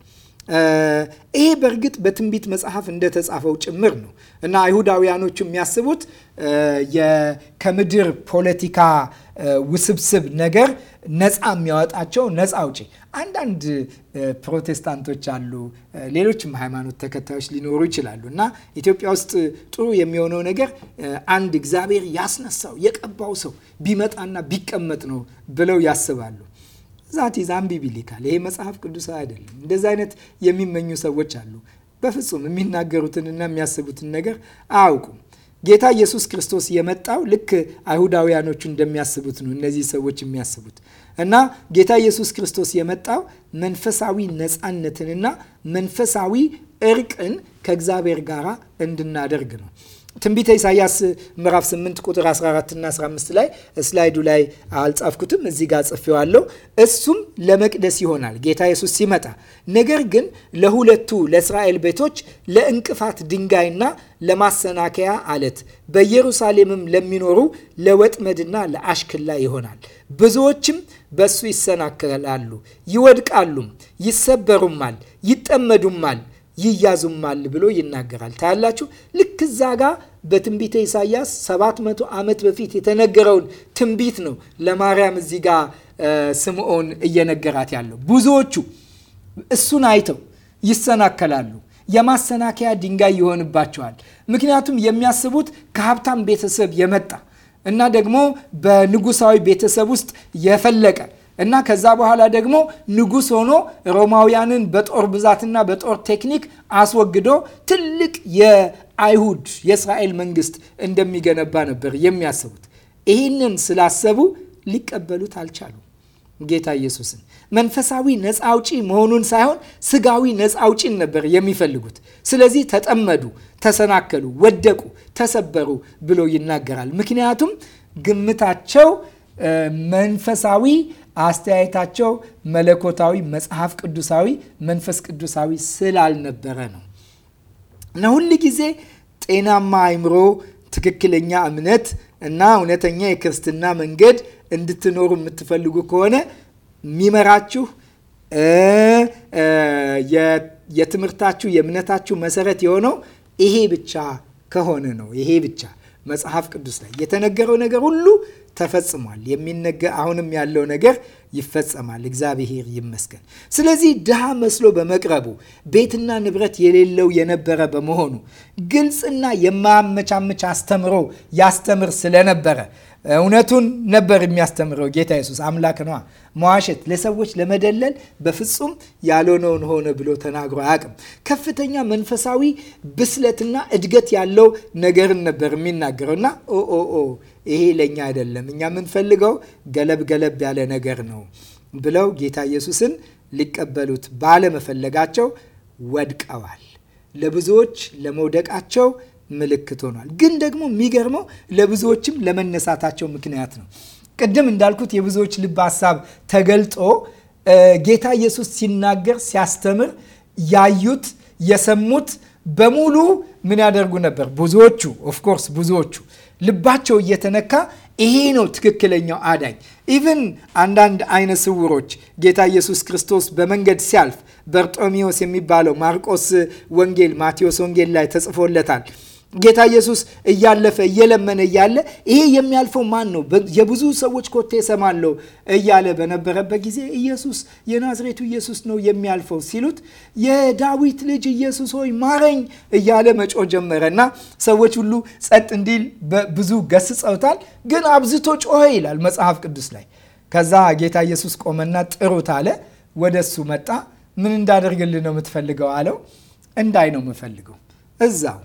ይሄ በእርግጥ በትንቢት መጽሐፍ እንደተጻፈው ጭምር ነው እና አይሁዳውያኖቹ የሚያስቡት ከምድር ፖለቲካ ውስብስብ ነገር ነፃ የሚያወጣቸው ነፃ አውጪ አንዳንድ ፕሮቴስታንቶች አሉ፣ ሌሎችም ሃይማኖት ተከታዮች ሊኖሩ ይችላሉ እና ኢትዮጵያ ውስጥ ጥሩ የሚሆነው ነገር አንድ እግዚአብሔር ያስነሳው የቀባው ሰው ቢመጣና ቢቀመጥ ነው ብለው ያስባሉ። ዛት ኢዝ አምቢቢሊካል። ይሄ መጽሐፍ ቅዱስ አይደለም። እንደዚህ አይነት የሚመኙ ሰዎች አሉ። በፍጹም የሚናገሩትንና የሚያስቡትን ነገር አያውቁም። ጌታ ኢየሱስ ክርስቶስ የመጣው ልክ አይሁዳውያኖቹ እንደሚያስቡት ነው እነዚህ ሰዎች የሚያስቡት እና ጌታ ኢየሱስ ክርስቶስ የመጣው መንፈሳዊ ነፃነትንና መንፈሳዊ እርቅን ከእግዚአብሔር ጋር እንድናደርግ ነው። ትንቢተ ኢሳያስ ምዕራፍ 8 ቁጥር 14 እና 15 ላይ ስላይዱ ላይ አልጻፍኩትም፣ እዚህ ጋር ጽፌዋለሁ። እሱም ለመቅደስ ይሆናል ጌታ ኢየሱስ ሲመጣ። ነገር ግን ለሁለቱ ለእስራኤል ቤቶች ለእንቅፋት ድንጋይና ለማሰናከያ አለት፣ በኢየሩሳሌምም ለሚኖሩ ለወጥመድና ለአሽክላ ይሆናል። ብዙዎችም በእሱ ይሰናከላሉ፣ ይወድቃሉም፣ ይሰበሩማል፣ ይጠመዱማል ይያዙማል ብሎ ይናገራል። ታያላችሁ። ልክ እዛ ጋር በትንቢተ ኢሳያስ 700 ዓመት በፊት የተነገረውን ትንቢት ነው ለማርያም እዚህ ጋር ስምዖን እየነገራት ያለው። ብዙዎቹ እሱን አይተው ይሰናከላሉ። የማሰናከያ ድንጋይ ይሆንባቸዋል። ምክንያቱም የሚያስቡት ከሀብታም ቤተሰብ የመጣ እና ደግሞ በንጉሳዊ ቤተሰብ ውስጥ የፈለቀ እና ከዛ በኋላ ደግሞ ንጉስ ሆኖ ሮማውያንን በጦር ብዛትና በጦር ቴክኒክ አስወግዶ ትልቅ የአይሁድ የእስራኤል መንግስት እንደሚገነባ ነበር የሚያስቡት። ይህንን ስላሰቡ ሊቀበሉት አልቻሉ። ጌታ ኢየሱስን መንፈሳዊ ነፃ አውጪ መሆኑን ሳይሆን ስጋዊ ነፃ አውጪን ነበር የሚፈልጉት። ስለዚህ ተጠመዱ፣ ተሰናከሉ፣ ወደቁ፣ ተሰበሩ ብሎ ይናገራል። ምክንያቱም ግምታቸው መንፈሳዊ አስተያየታቸው መለኮታዊ፣ መጽሐፍ ቅዱሳዊ፣ መንፈስ ቅዱሳዊ ስላልነበረ ነው። እና ሁል ጊዜ ጤናማ አይምሮ፣ ትክክለኛ እምነት እና እውነተኛ የክርስትና መንገድ እንድትኖሩ የምትፈልጉ ከሆነ የሚመራችሁ የትምህርታችሁ የእምነታችሁ መሰረት የሆነው ይሄ ብቻ ከሆነ ነው። ይሄ ብቻ መጽሐፍ ቅዱስ ላይ የተነገረው ነገር ሁሉ ተፈጽሟል። የሚነገ አሁንም ያለው ነገር ይፈጸማል። እግዚአብሔር ይመስገን። ስለዚህ ድሃ መስሎ በመቅረቡ ቤትና ንብረት የሌለው የነበረ በመሆኑ ግልጽና የማያመቻመች አስተምሮ ያስተምር ስለነበረ እውነቱን ነበር የሚያስተምረው። ጌታ ኢየሱስ አምላክ ነዋ። መዋሸት፣ ለሰዎች ለመደለል በፍጹም ያልሆነውን ሆነ ብሎ ተናግሮ አያውቅም። ከፍተኛ መንፈሳዊ ብስለትና እድገት ያለው ነገርን ነበር የሚናገረው እና ኦ ኦ ኦ ይሄ ለእኛ አይደለም፣ እኛ የምንፈልገው ገለብ ገለብ ያለ ነገር ነው ብለው ጌታ ኢየሱስን ሊቀበሉት ባለመፈለጋቸው ወድቀዋል። ለብዙዎች ለመውደቃቸው ምልክት ሆኗል። ግን ደግሞ የሚገርመው ለብዙዎችም ለመነሳታቸው ምክንያት ነው። ቅድም እንዳልኩት የብዙዎች ልብ ሀሳብ ተገልጦ ጌታ ኢየሱስ ሲናገር ሲያስተምር ያዩት የሰሙት በሙሉ ምን ያደርጉ ነበር? ብዙዎቹ ኦፍኮርስ ብዙዎቹ ልባቸው እየተነካ ይሄ ነው ትክክለኛው አዳኝ። ኢቭን አንዳንድ አይነ ስውሮች ጌታ ኢየሱስ ክርስቶስ በመንገድ ሲያልፍ በርጦሚዎስ የሚባለው ማርቆስ ወንጌል ማቴዎስ ወንጌል ላይ ተጽፎለታል። ጌታ ኢየሱስ እያለፈ እየለመነ እያለ ይሄ የሚያልፈው ማን ነው? የብዙ ሰዎች ኮቴ ሰማለው እያለ በነበረበት ጊዜ ኢየሱስ የናዝሬቱ ኢየሱስ ነው የሚያልፈው ሲሉት የዳዊት ልጅ ኢየሱስ ሆይ ማረኝ እያለ መጮ ጀመረ እና ሰዎች ሁሉ ጸጥ እንዲል ብዙ ገስጸውታል። ግን አብዝቶ ጮኸ ይላል መጽሐፍ ቅዱስ ላይ። ከዛ ጌታ ኢየሱስ ቆመና ጥሩት አለ። ወደ እሱ መጣ። ምን እንዳደርግልህ ነው የምትፈልገው አለው። እንዳይ ነው የምፈልገው እዛው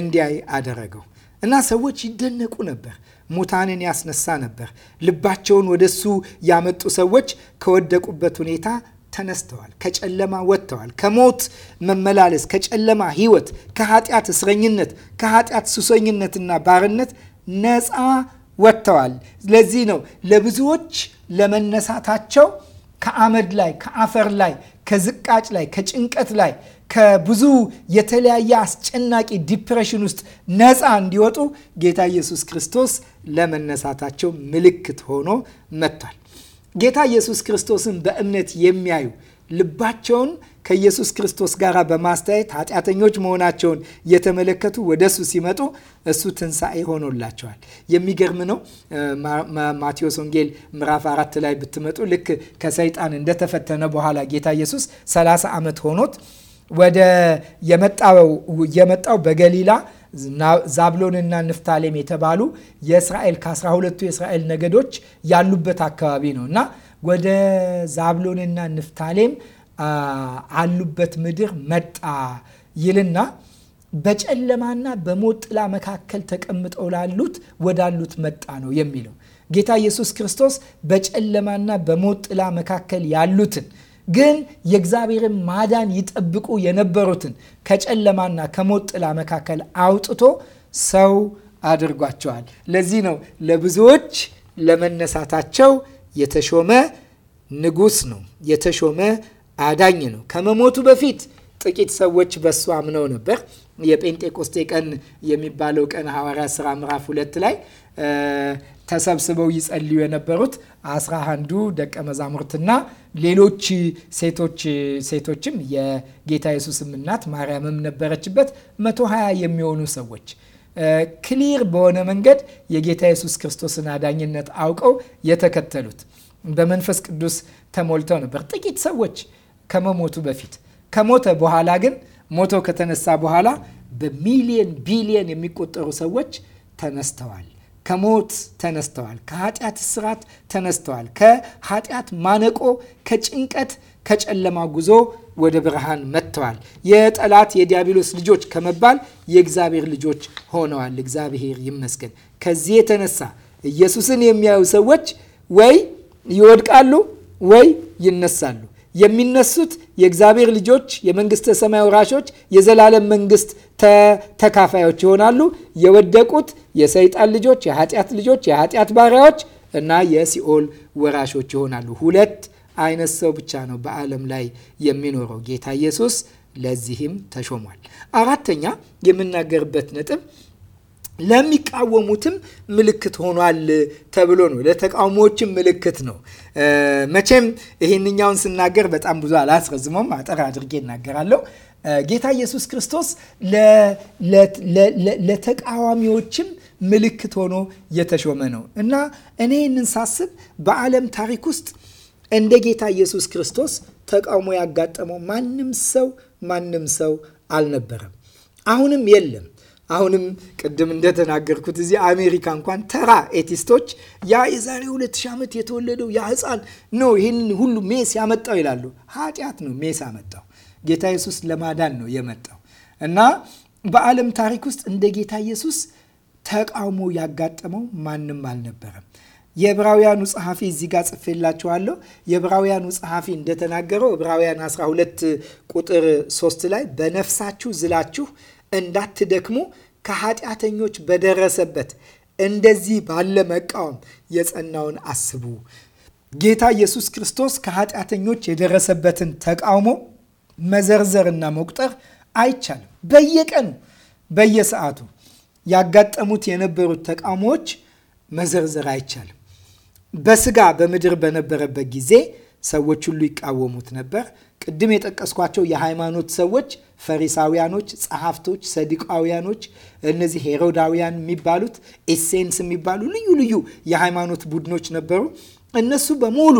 እንዲያይ አደረገው እና ሰዎች ይደነቁ ነበር። ሙታንን ያስነሳ ነበር። ልባቸውን ወደሱ ያመጡ ሰዎች ከወደቁበት ሁኔታ ተነስተዋል። ከጨለማ ወጥተዋል። ከሞት መመላለስ፣ ከጨለማ ህይወት ከኃጢአት እስረኝነት፣ ከኃጢአት ሱሰኝነትና ባርነት ነፃ ወጥተዋል። ለዚህ ነው ለብዙዎች ለመነሳታቸው ከአመድ ላይ፣ ከአፈር ላይ፣ ከዝቃጭ ላይ፣ ከጭንቀት ላይ ከብዙ የተለያየ አስጨናቂ ዲፕሬሽን ውስጥ ነፃ እንዲወጡ ጌታ ኢየሱስ ክርስቶስ ለመነሳታቸው ምልክት ሆኖ መጥቷል። ጌታ ኢየሱስ ክርስቶስን በእምነት የሚያዩ ልባቸውን ከኢየሱስ ክርስቶስ ጋር በማስተያየት ኃጢአተኞች መሆናቸውን የተመለከቱ ወደ እሱ ሲመጡ እሱ ትንሣኤ ሆኖላቸዋል። የሚገርም ነው። ማቴዎስ ወንጌል ምዕራፍ አራት ላይ ብትመጡ ልክ ከሰይጣን እንደተፈተነ በኋላ ጌታ ኢየሱስ 30 ዓመት ሆኖት ወደ የመጣው በገሊላ ዛብሎንና ንፍታሌም የተባሉ የእስራኤል ከአስራ ሁለቱ የእስራኤል ነገዶች ያሉበት አካባቢ ነው እና ወደ ዛብሎንና ንፍታሌም አሉበት ምድር መጣ ይልና በጨለማና በሞት ጥላ መካከል ተቀምጠው ላሉት ወዳሉት መጣ ነው የሚለው ጌታ ኢየሱስ ክርስቶስ በጨለማና በሞት ጥላ መካከል ያሉትን ግን የእግዚአብሔርን ማዳን ይጠብቁ የነበሩትን ከጨለማና ከሞት ጥላ መካከል አውጥቶ ሰው አድርጓቸዋል። ለዚህ ነው ለብዙዎች ለመነሳታቸው የተሾመ ንጉስ ነው፣ የተሾመ አዳኝ ነው። ከመሞቱ በፊት ጥቂት ሰዎች በሱ አምነው ነበር። የጴንጤቆስቴ ቀን የሚባለው ቀን ሐዋርያ ሥራ ምዕራፍ ሁለት ላይ ተሰብስበው ይጸልዩ የነበሩት አስራ አንዱ ደቀ መዛሙርትና ሌሎች ሴቶች ሴቶችም የጌታ ኢየሱስም እናት ማርያምም ነበረችበት። መቶ ሃያ የሚሆኑ ሰዎች ክሊር በሆነ መንገድ የጌታ ኢየሱስ ክርስቶስን አዳኝነት አውቀው የተከተሉት በመንፈስ ቅዱስ ተሞልተው ነበር። ጥቂት ሰዎች ከመሞቱ በፊት ከሞተ በኋላ ግን ሞቶ ከተነሳ በኋላ በሚሊየን ቢሊየን የሚቆጠሩ ሰዎች ተነስተዋል። ከሞት ተነስተዋል። ከኃጢአት እስራት ተነስተዋል። ከኃጢአት ማነቆ፣ ከጭንቀት፣ ከጨለማ ጉዞ ወደ ብርሃን መጥተዋል። የጠላት የዲያብሎስ ልጆች ከመባል የእግዚአብሔር ልጆች ሆነዋል። እግዚአብሔር ይመስገን። ከዚህ የተነሳ ኢየሱስን የሚያዩ ሰዎች ወይ ይወድቃሉ ወይ ይነሳሉ። የሚነሱት የእግዚአብሔር ልጆች የመንግስተ ሰማይ ወራሾች የዘላለም መንግስት ተካፋዮች ይሆናሉ። የወደቁት የሰይጣን ልጆች፣ የኃጢአት ልጆች፣ የኃጢአት ባሪያዎች እና የሲኦል ወራሾች ይሆናሉ። ሁለት አይነት ሰው ብቻ ነው በዓለም ላይ የሚኖረው። ጌታ ኢየሱስ ለዚህም ተሾሟል። አራተኛ የምናገርበት ነጥብ ለሚቃወሙትም ምልክት ሆኗል ተብሎ ነው። ለተቃውሞዎችም ምልክት ነው። መቼም ይህንኛውን ስናገር በጣም ብዙ አላስረዝሞም፣ አጠር አድርጌ እናገራለሁ። ጌታ ኢየሱስ ክርስቶስ ለተቃዋሚዎችም ምልክት ሆኖ የተሾመ ነው እና እኔ ይህንን ሳስብ በዓለም ታሪክ ውስጥ እንደ ጌታ ኢየሱስ ክርስቶስ ተቃውሞ ያጋጠመው ማንም ሰው ማንም ሰው አልነበረም። አሁንም የለም። አሁንም ቅድም እንደተናገርኩት እዚህ አሜሪካ እንኳን ተራ ኤቲስቶች ያ የዛሬ 2000 ዓመት የተወለደው ያ ሕፃን ነው ይህንን ሁሉ ሜስ ያመጣው ይላሉ። ኃጢአት ነው ሜስ ያመጣው ጌታ ኢየሱስ ለማዳን ነው የመጣው እና በዓለም ታሪክ ውስጥ እንደ ጌታ ኢየሱስ ተቃውሞ ያጋጠመው ማንም አልነበረም። የዕብራውያኑ ጸሐፊ እዚህ ጋር ጽፌላችኋለሁ። የዕብራውያኑ ጸሐፊ እንደተናገረው ዕብራውያን 12 ቁጥር 3 ላይ በነፍሳችሁ ዝላችሁ እንዳትደክሙ ከኃጢአተኞች በደረሰበት እንደዚህ ባለ መቃወም የጸናውን አስቡ። ጌታ ኢየሱስ ክርስቶስ ከኃጢአተኞች የደረሰበትን ተቃውሞ መዘርዘርና መቁጠር አይቻልም። በየቀኑ በየሰዓቱ ያጋጠሙት የነበሩት ተቃውሞዎች መዘርዘር አይቻልም። በስጋ በምድር በነበረበት ጊዜ ሰዎች ሁሉ ይቃወሙት ነበር። ቅድም የጠቀስኳቸው የሃይማኖት ሰዎች ፈሪሳውያኖች፣ ጸሐፍቶች፣ ሰዲቃውያኖች፣ እነዚህ ሄሮዳውያን የሚባሉት ኤሴንስ የሚባሉ ልዩ ልዩ የሃይማኖት ቡድኖች ነበሩ። እነሱ በሙሉ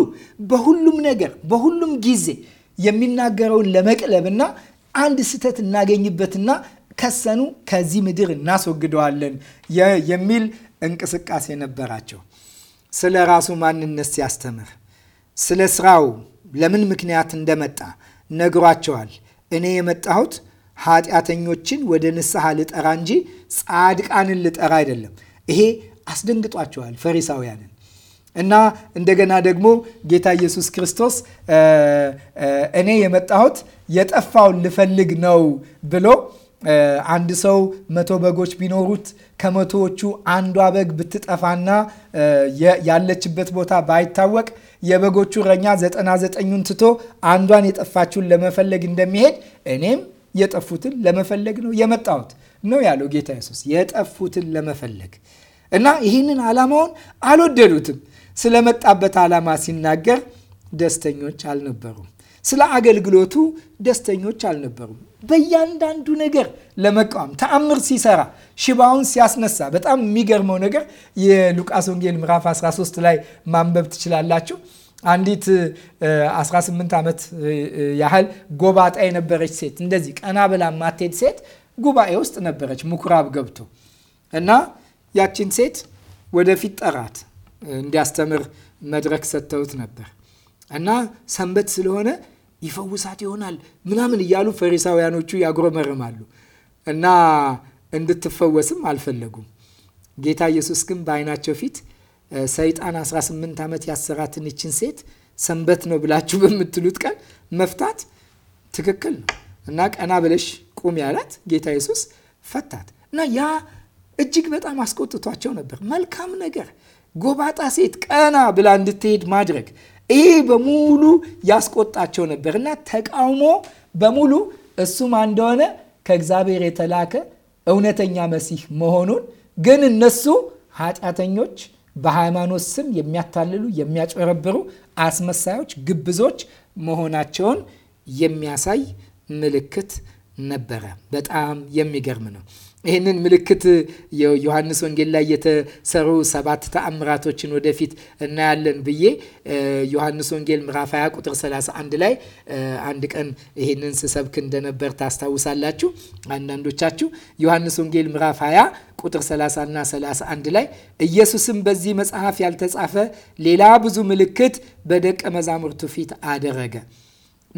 በሁሉም ነገር በሁሉም ጊዜ የሚናገረውን ለመቅለብና አንድ ስህተት እናገኝበትና ከሰኑ ከዚህ ምድር እናስወግደዋለን የሚል እንቅስቃሴ ነበራቸው። ስለ ራሱ ማንነት ሲያስተምር ስለ ስራው ለምን ምክንያት እንደመጣ ነግሯቸዋል። እኔ የመጣሁት ኃጢአተኞችን ወደ ንስሐ ልጠራ እንጂ ጻድቃንን ልጠራ አይደለም። ይሄ አስደንግጧቸዋል ፈሪሳውያንን። እና እንደገና ደግሞ ጌታ ኢየሱስ ክርስቶስ እኔ የመጣሁት የጠፋውን ልፈልግ ነው ብሎ አንድ ሰው መቶ በጎች ቢኖሩት ከመቶዎቹ አንዷ በግ ብትጠፋና ያለችበት ቦታ ባይታወቅ የበጎቹ እረኛ ዘጠና ዘጠኙን ትቶ አንዷን የጠፋችውን ለመፈለግ እንደሚሄድ እኔም የጠፉትን ለመፈለግ ነው የመጣሁት ነው ያለው ጌታ ኢየሱስ የጠፉትን ለመፈለግ እና ይህንን ዓላማውን አልወደዱትም። ስለመጣበት ዓላማ ሲናገር ደስተኞች አልነበሩም። ስለ አገልግሎቱ ደስተኞች አልነበሩም። በእያንዳንዱ ነገር ለመቃወም ተአምር ሲሰራ፣ ሽባውን ሲያስነሳ፣ በጣም የሚገርመው ነገር የሉቃስ ወንጌል ምዕራፍ 13 ላይ ማንበብ ትችላላችሁ። አንዲት 18 ዓመት ያህል ጎባጣ የነበረች ሴት እንደዚህ ቀና ብላ ማትሄድ ሴት ጉባኤ ውስጥ ነበረች ምኩራብ ገብቶ እና ያችን ሴት ወደፊት ጠራት እንዲያስተምር መድረክ ሰጥተውት ነበር እና ሰንበት ስለሆነ ይፈውሳት ይሆናል ምናምን እያሉ ፈሪሳውያኖቹ ያጉረመርማሉ እና እንድትፈወስም አልፈለጉም። ጌታ ኢየሱስ ግን በዓይናቸው ፊት ሰይጣን 18 ዓመት ያሰራትን ይችን ሴት ሰንበት ነው ብላችሁ በምትሉት ቀን መፍታት ትክክል ነው እና ቀና ብለሽ ቁም ያላት ጌታ ኢየሱስ ፈታት እና ያ እጅግ በጣም አስቆጥቷቸው ነበር። መልካም ነገር ጎባጣ ሴት ቀና ብላ እንድትሄድ ማድረግ ይሄ በሙሉ ያስቆጣቸው ነበር እና ተቃውሞ በሙሉ እሱም እንደሆነ ከእግዚአብሔር የተላከ እውነተኛ መሲህ መሆኑን ግን እነሱ ኃጢአተኞች፣ በሃይማኖት ስም የሚያታልሉ የሚያጨረብሩ አስመሳዮች፣ ግብዞች መሆናቸውን የሚያሳይ ምልክት ነበረ። በጣም የሚገርም ነው። ይህንን ምልክት ዮሐንስ ወንጌል ላይ የተሰሩ ሰባት ተአምራቶችን ወደፊት እናያለን ብዬ ዮሐንስ ወንጌል ምዕራፍ 20 ቁጥር 31 ላይ አንድ ቀን ይህንን ስሰብክ እንደነበር ታስታውሳላችሁ። አንዳንዶቻችሁ ዮሐንስ ወንጌል ምዕራፍ 20 ቁጥር 30 እና 31 ላይ ኢየሱስም በዚህ መጽሐፍ ያልተጻፈ ሌላ ብዙ ምልክት በደቀ መዛሙርቱ ፊት አደረገ።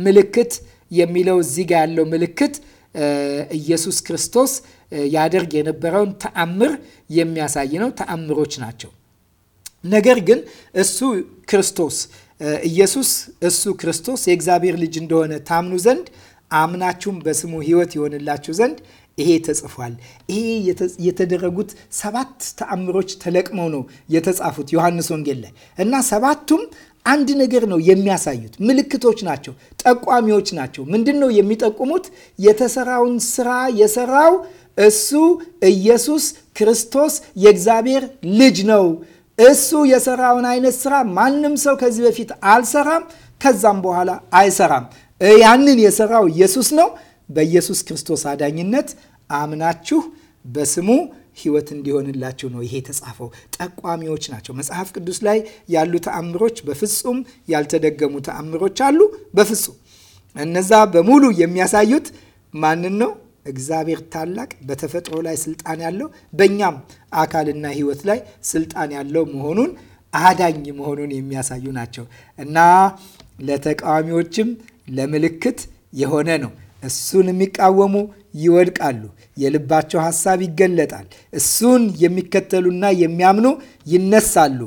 ምልክት የሚለው እዚህ ያለው ምልክት ኢየሱስ ክርስቶስ ያደርግ የነበረውን ተአምር የሚያሳይ ነው። ተአምሮች ናቸው። ነገር ግን እሱ ክርስቶስ ኢየሱስ እሱ ክርስቶስ የእግዚአብሔር ልጅ እንደሆነ ታምኑ ዘንድ አምናችሁም በስሙ ሕይወት ይሆንላችሁ ዘንድ ይሄ ተጽፏል። ይሄ የተደረጉት ሰባት ተአምሮች ተለቅመው ነው የተጻፉት ዮሐንስ ወንጌል ላይ እና ሰባቱም አንድ ነገር ነው የሚያሳዩት። ምልክቶች ናቸው፣ ጠቋሚዎች ናቸው። ምንድን ነው የሚጠቁሙት? የተሰራውን ስራ የሰራው እሱ ኢየሱስ ክርስቶስ የእግዚአብሔር ልጅ ነው። እሱ የሰራውን አይነት ስራ ማንም ሰው ከዚህ በፊት አልሰራም፣ ከዛም በኋላ አይሰራም። ያንን የሰራው ኢየሱስ ነው። በኢየሱስ ክርስቶስ አዳኝነት አምናችሁ በስሙ ህይወት እንዲሆንላቸው ነው ይሄ የተጻፈው። ጠቋሚዎች ናቸው። መጽሐፍ ቅዱስ ላይ ያሉ ተአምሮች በፍጹም ያልተደገሙ ተአምሮች አሉ። በፍጹም እነዛ በሙሉ የሚያሳዩት ማንን ነው? እግዚአብሔር ታላቅ፣ በተፈጥሮ ላይ ስልጣን ያለው፣ በእኛም አካልና ህይወት ላይ ስልጣን ያለው መሆኑን አዳኝ መሆኑን የሚያሳዩ ናቸው እና ለተቃዋሚዎችም ለምልክት የሆነ ነው እሱን የሚቃወሙ ይወድቃሉ። የልባቸው ሐሳብ ይገለጣል። እሱን የሚከተሉና የሚያምኑ ይነሳሉ።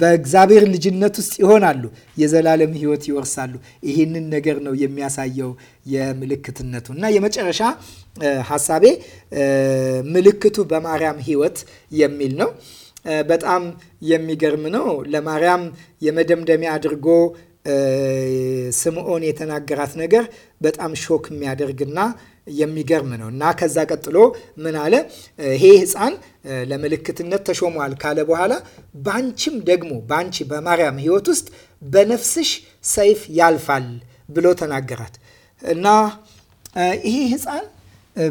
በእግዚአብሔር ልጅነት ውስጥ ይሆናሉ። የዘላለም ሕይወት ይወርሳሉ። ይህንን ነገር ነው የሚያሳየው የምልክትነቱ እና የመጨረሻ ሐሳቤ ምልክቱ በማርያም ሕይወት የሚል ነው። በጣም የሚገርም ነው። ለማርያም የመደምደሚያ አድርጎ ስምዖን የተናገራት ነገር በጣም ሾክ የሚያደርግና የሚገርም ነው እና ከዛ ቀጥሎ ምን አለ? ይሄ ህፃን ለምልክትነት ተሾሟል ካለ በኋላ በአንቺም ደግሞ በአንቺ በማርያም ህይወት ውስጥ በነፍስሽ ሰይፍ ያልፋል ብሎ ተናገራት እና ይሄ ህፃን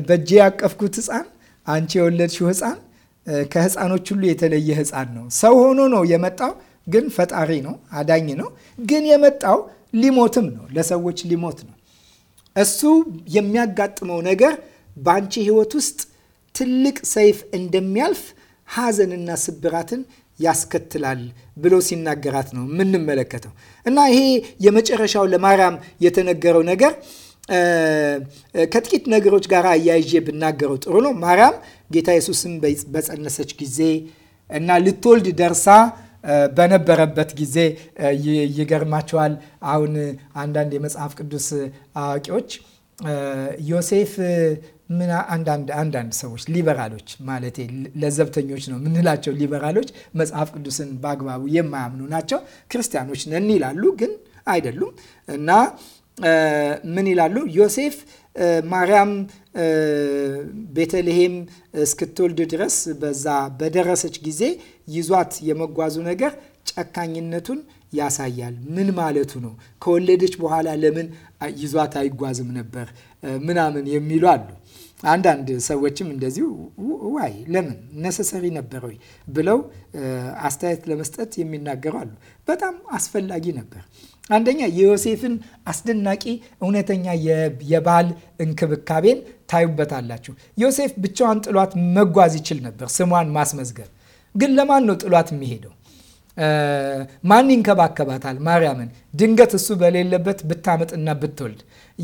በእጄ ያቀፍኩት ህፃን አንቺ የወለድሽው ህፃን ከህፃኖች ሁሉ የተለየ ህፃን ነው። ሰው ሆኖ ነው የመጣው ግን ፈጣሪ ነው፣ አዳኝ ነው። ግን የመጣው ሊሞትም ነው፣ ለሰዎች ሊሞት ነው። እሱ የሚያጋጥመው ነገር በአንቺ ህይወት ውስጥ ትልቅ ሰይፍ እንደሚያልፍ ሐዘንና ስብራትን ያስከትላል ብሎ ሲናገራት ነው የምንመለከተው። እና ይሄ የመጨረሻው ለማርያም የተነገረው ነገር ከጥቂት ነገሮች ጋር አያይዤ ብናገረው ጥሩ ነው። ማርያም ጌታ ኢየሱስን በጸነሰች ጊዜ እና ልትወልድ ደርሳ በነበረበት ጊዜ ይገርማቸዋል። አሁን አንዳንድ የመጽሐፍ ቅዱስ አዋቂዎች ዮሴፍ ምን አንዳንድ ሰዎች ሊበራሎች ማለት ለዘብተኞች ነው የምንላቸው ሊበራሎች መጽሐፍ ቅዱስን በአግባቡ የማያምኑ ናቸው። ክርስቲያኖች ነን ይላሉ፣ ግን አይደሉም። እና ምን ይላሉ ዮሴፍ ማርያም ቤተልሔም እስክትወልድ ድረስ በዛ በደረሰች ጊዜ ይዟት የመጓዙ ነገር ጨካኝነቱን ያሳያል። ምን ማለቱ ነው? ከወለደች በኋላ ለምን ይዟት አይጓዝም ነበር ምናምን የሚሉ አሉ። አንዳንድ ሰዎችም እንደዚሁ ዋይ ለምን ነሰሰሪ ነበር ወይ ብለው አስተያየት ለመስጠት የሚናገሩ አሉ። በጣም አስፈላጊ ነበር። አንደኛ የዮሴፍን አስደናቂ እውነተኛ የባል እንክብካቤን ታዩበታላችሁ። ዮሴፍ ብቻዋን ጥሏት መጓዝ ይችል ነበር ስሟን ማስመዝገብ ግን ለማን ነው ጥሏት የሚሄደው? ማን ይንከባከባታል ማርያምን? ድንገት እሱ በሌለበት ብታመጥና ብትወልድ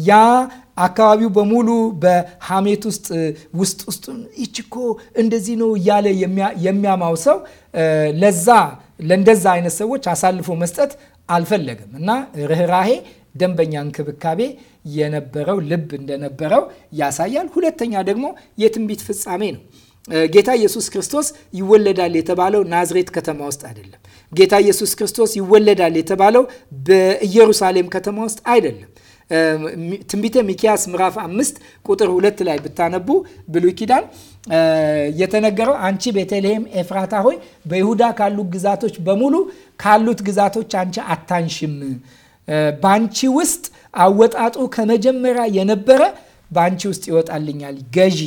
ያ አካባቢው በሙሉ በሐሜት ውስጥ ውስጥ ውስጡን ይችኮ እንደዚህ ነው እያለ የሚያማው ሰው ለዛ ለእንደዛ አይነት ሰዎች አሳልፎ መስጠት አልፈለግም እና ርኅራሄ ደንበኛ እንክብካቤ የነበረው ልብ እንደነበረው ያሳያል። ሁለተኛ ደግሞ የትንቢት ፍጻሜ ነው። ጌታ ኢየሱስ ክርስቶስ ይወለዳል የተባለው ናዝሬት ከተማ ውስጥ አይደለም። ጌታ ኢየሱስ ክርስቶስ ይወለዳል የተባለው በኢየሩሳሌም ከተማ ውስጥ አይደለም። ትንቢተ ሚኪያስ ምዕራፍ አምስት ቁጥር ሁለት ላይ ብታነቡ ብሉይ ኪዳን የተነገረው አንቺ ቤተልሔም ኤፍራታ ሆይ በይሁዳ ካሉ ግዛቶች በሙሉ ካሉት ግዛቶች አንቺ አታንሽም፣ በአንቺ ውስጥ አወጣጡ ከመጀመሪያ የነበረ በአንቺ ውስጥ ይወጣልኛል ገዢ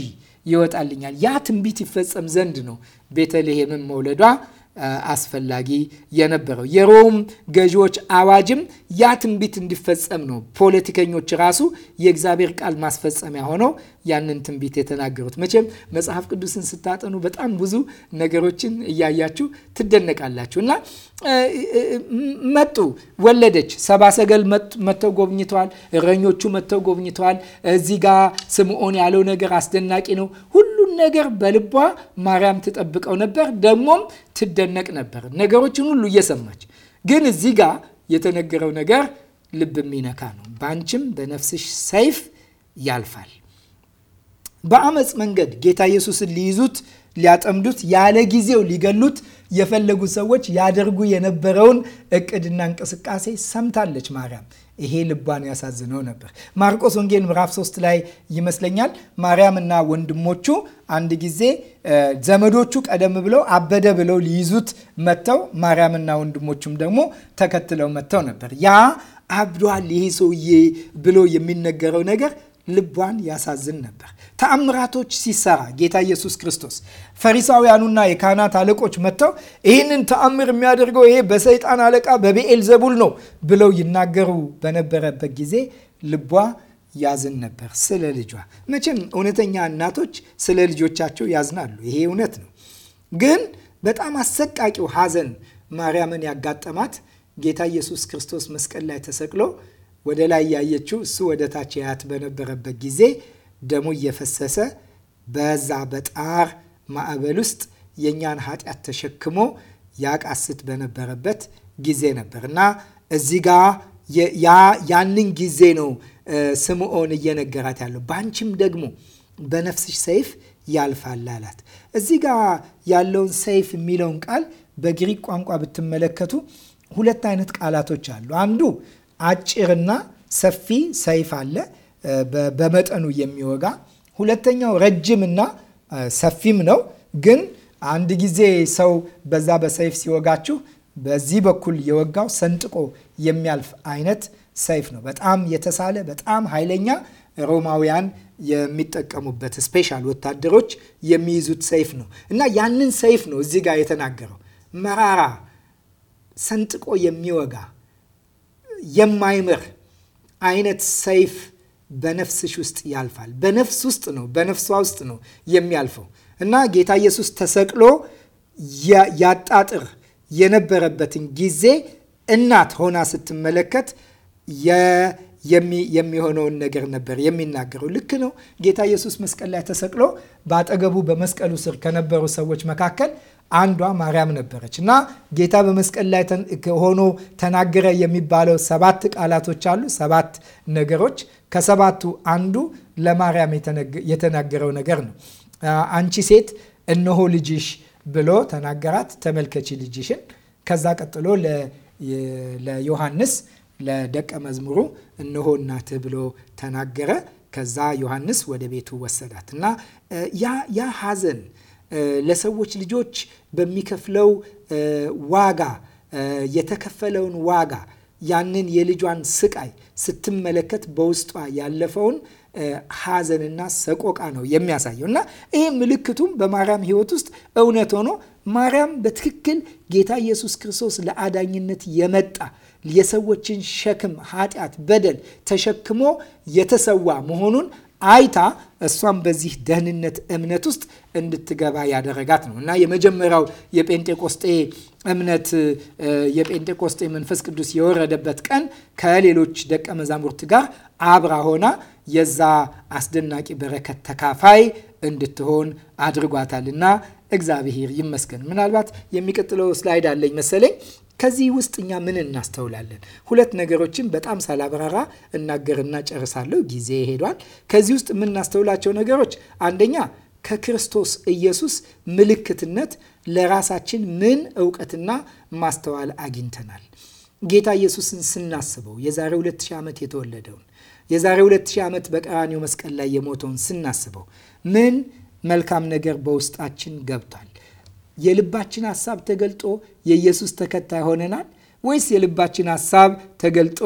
ይወጣልኛል። ያ ትንቢት ይፈጸም ዘንድ ነው ቤተልሔምን መውለዷ አስፈላጊ የነበረው። የሮም ገዢዎች አዋጅም ያ ትንቢት እንዲፈጸም ነው። ፖለቲከኞች ራሱ የእግዚአብሔር ቃል ማስፈጸሚያ ሆነው ያንን ትንቢት የተናገሩት። መቼም መጽሐፍ ቅዱስን ስታጠኑ በጣም ብዙ ነገሮችን እያያችሁ ትደነቃላችሁ። እና መጡ፣ ወለደች። ሰባ ሰገል መጥተው ጎብኝተዋል። እረኞቹ መጥተው ጎብኝተዋል። እዚህ ጋ ስምዖን ያለው ነገር አስደናቂ ነው። ሁሉን ነገር በልቧ ማርያም ትጠብቀው ነበር፣ ደግሞም ትደነቅ ነበር፣ ነገሮችን ሁሉ እየሰማች ግን እዚህ ጋ የተነገረው ነገር ልብ የሚነካ ነው። በአንቺም በነፍስሽ ሰይፍ ያልፋል በአመፅ መንገድ ጌታ ኢየሱስን ሊይዙት፣ ሊያጠምዱት፣ ያለ ጊዜው ሊገሉት የፈለጉ ሰዎች ያደርጉ የነበረውን እቅድና እንቅስቃሴ ሰምታለች ማርያም። ይሄ ልቧን ያሳዝነው ነበር። ማርቆስ ወንጌል ምዕራፍ 3 ላይ ይመስለኛል እና ወንድሞቹ አንድ ጊዜ ዘመዶቹ ቀደም ብለው አበደ ብለው ሊይዙት መጥተው እና ወንድሞቹም ደግሞ ተከትለው መጥተው ነበር። ያ አብዷል ይሄ ሰውዬ ብሎ የሚነገረው ነገር ልቧን ያሳዝን ነበር። ተአምራቶች ሲሰራ ጌታ ኢየሱስ ክርስቶስ ፈሪሳውያኑና የካህናት አለቆች መጥተው ይህንን ተአምር የሚያደርገው ይሄ በሰይጣን አለቃ በብኤል ዘቡል ነው ብለው ይናገሩ በነበረበት ጊዜ ልቧ ያዝን ነበር ስለ ልጇ። መቼም እውነተኛ እናቶች ስለ ልጆቻቸው ያዝናሉ። ይሄ እውነት ነው። ግን በጣም አሰቃቂው ሐዘን ማርያምን ያጋጠማት ጌታ ኢየሱስ ክርስቶስ መስቀል ላይ ተሰቅሎ ወደ ላይ ያየችው እሱ ወደ ታች ያያት በነበረበት ጊዜ ደሙ እየፈሰሰ በዛ በጣር ማዕበል ውስጥ የእኛን ኃጢአት ተሸክሞ ያቃስት በነበረበት ጊዜ ነበር እና እዚህ ጋ ያንን ጊዜ ነው ስምዖን እየነገራት ያለው በአንቺም ደግሞ በነፍስሽ ሰይፍ ያልፋል አላት። እዚህ ጋ ያለውን ሰይፍ የሚለውን ቃል በግሪክ ቋንቋ ብትመለከቱ ሁለት አይነት ቃላቶች አሉ። አንዱ አጭርና ሰፊ ሰይፍ አለ፣ በመጠኑ የሚወጋ ሁለተኛው ረጅምና ሰፊም ነው። ግን አንድ ጊዜ ሰው በዛ በሰይፍ ሲወጋችሁ በዚህ በኩል የወጋው ሰንጥቆ የሚያልፍ አይነት ሰይፍ ነው። በጣም የተሳለ በጣም ኃይለኛ ሮማውያን የሚጠቀሙበት ስፔሻል ወታደሮች የሚይዙት ሰይፍ ነው እና ያንን ሰይፍ ነው እዚህ ጋር የተናገረው መራራ ሰንጥቆ የሚወጋ የማይምር አይነት ሰይፍ በነፍስሽ ውስጥ ያልፋል። በነፍስ ውስጥ ነው፣ በነፍሷ ውስጥ ነው የሚያልፈው እና ጌታ ኢየሱስ ተሰቅሎ ያጣጥር የነበረበትን ጊዜ እናት ሆና ስትመለከት የሚሆነውን ነገር ነበር የሚናገረው። ልክ ነው። ጌታ ኢየሱስ መስቀል ላይ ተሰቅሎ በአጠገቡ በመስቀሉ ስር ከነበሩ ሰዎች መካከል አንዷ ማርያም ነበረች እና ጌታ በመስቀል ላይ ሆኖ ተናገረ የሚባለው ሰባት ቃላቶች አሉ፣ ሰባት ነገሮች። ከሰባቱ አንዱ ለማርያም የተናገረው ነገር ነው። አንቺ ሴት እነሆ ልጅሽ ብሎ ተናገራት። ተመልከቺ ልጅሽን። ከዛ ቀጥሎ ለዮሐንስ ለደቀ መዝሙሩ እነሆ እናትህ ብሎ ተናገረ። ከዛ ዮሐንስ ወደ ቤቱ ወሰዳት እና ያ ሐዘን ለሰዎች ልጆች በሚከፍለው ዋጋ የተከፈለውን ዋጋ ያንን የልጇን ስቃይ ስትመለከት በውስጧ ያለፈውን ሐዘንና ሰቆቃ ነው የሚያሳየው እና ይህ ምልክቱም በማርያም ሕይወት ውስጥ እውነት ሆኖ ማርያም በትክክል ጌታ ኢየሱስ ክርስቶስ ለአዳኝነት የመጣ የሰዎችን ሸክም፣ ኃጢአት፣ በደል ተሸክሞ የተሰዋ መሆኑን አይታ እሷም በዚህ ደህንነት እምነት ውስጥ እንድትገባ ያደረጋት ነው እና የመጀመሪያው የጴንጤቆስጤ እምነት የጴንጤቆስጤ መንፈስ ቅዱስ የወረደበት ቀን ከሌሎች ደቀ መዛሙርት ጋር አብራ ሆና የዛ አስደናቂ በረከት ተካፋይ እንድትሆን አድርጓታል እና እግዚአብሔር ይመስገን። ምናልባት የሚቀጥለው ስላይድ አለኝ መሰለኝ ከዚህ ውስጥ እኛ ምን እናስተውላለን? ሁለት ነገሮችን በጣም ሳላብራራ እናገርና ጨርሳለሁ፣ ጊዜ ሄዷል። ከዚህ ውስጥ የምናስተውላቸው ነገሮች አንደኛ ከክርስቶስ ኢየሱስ ምልክትነት ለራሳችን ምን እውቀትና ማስተዋል አግኝተናል? ጌታ ኢየሱስን ስናስበው የዛሬ 2000 ዓመት የተወለደውን የዛሬ 2000 ዓመት በቀራኒው መስቀል ላይ የሞተውን ስናስበው ምን መልካም ነገር በውስጣችን ገብቷል? የልባችን ሀሳብ ተገልጦ የኢየሱስ ተከታይ ሆነናል ወይስ የልባችን ሀሳብ ተገልጦ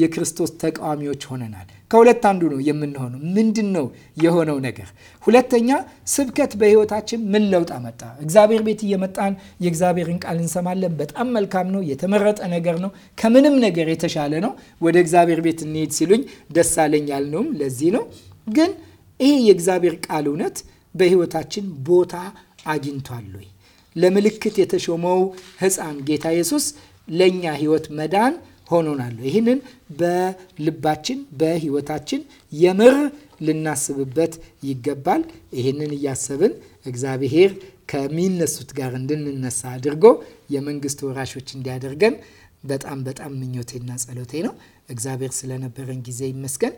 የክርስቶስ ተቃዋሚዎች ሆነናል? ከሁለት አንዱ ነው የምንሆነው። ምንድን ነው የሆነው ነገር? ሁለተኛ ስብከት በሕይወታችን ምን ለውጥ አመጣ? እግዚአብሔር ቤት እየመጣን የእግዚአብሔርን ቃል እንሰማለን። በጣም መልካም ነው። የተመረጠ ነገር ነው። ከምንም ነገር የተሻለ ነው። ወደ እግዚአብሔር ቤት እንሄድ ሲሉኝ ደስ አለኝ ያልነውም ለዚህ ነው። ግን ይሄ የእግዚአብሔር ቃል እውነት በሕይወታችን ቦታ አግኝቷል ወይ? ለምልክት የተሾመው ሕፃን ጌታ ኢየሱስ ለእኛ ህይወት መዳን ሆኖናል። ይህንን በልባችን በህይወታችን የምር ልናስብበት ይገባል። ይህንን እያሰብን እግዚአብሔር ከሚነሱት ጋር እንድንነሳ አድርጎ የመንግስት ወራሾች እንዲያደርገን በጣም በጣም ምኞቴና ጸሎቴ ነው። እግዚአብሔር ስለነበረን ጊዜ ይመስገን።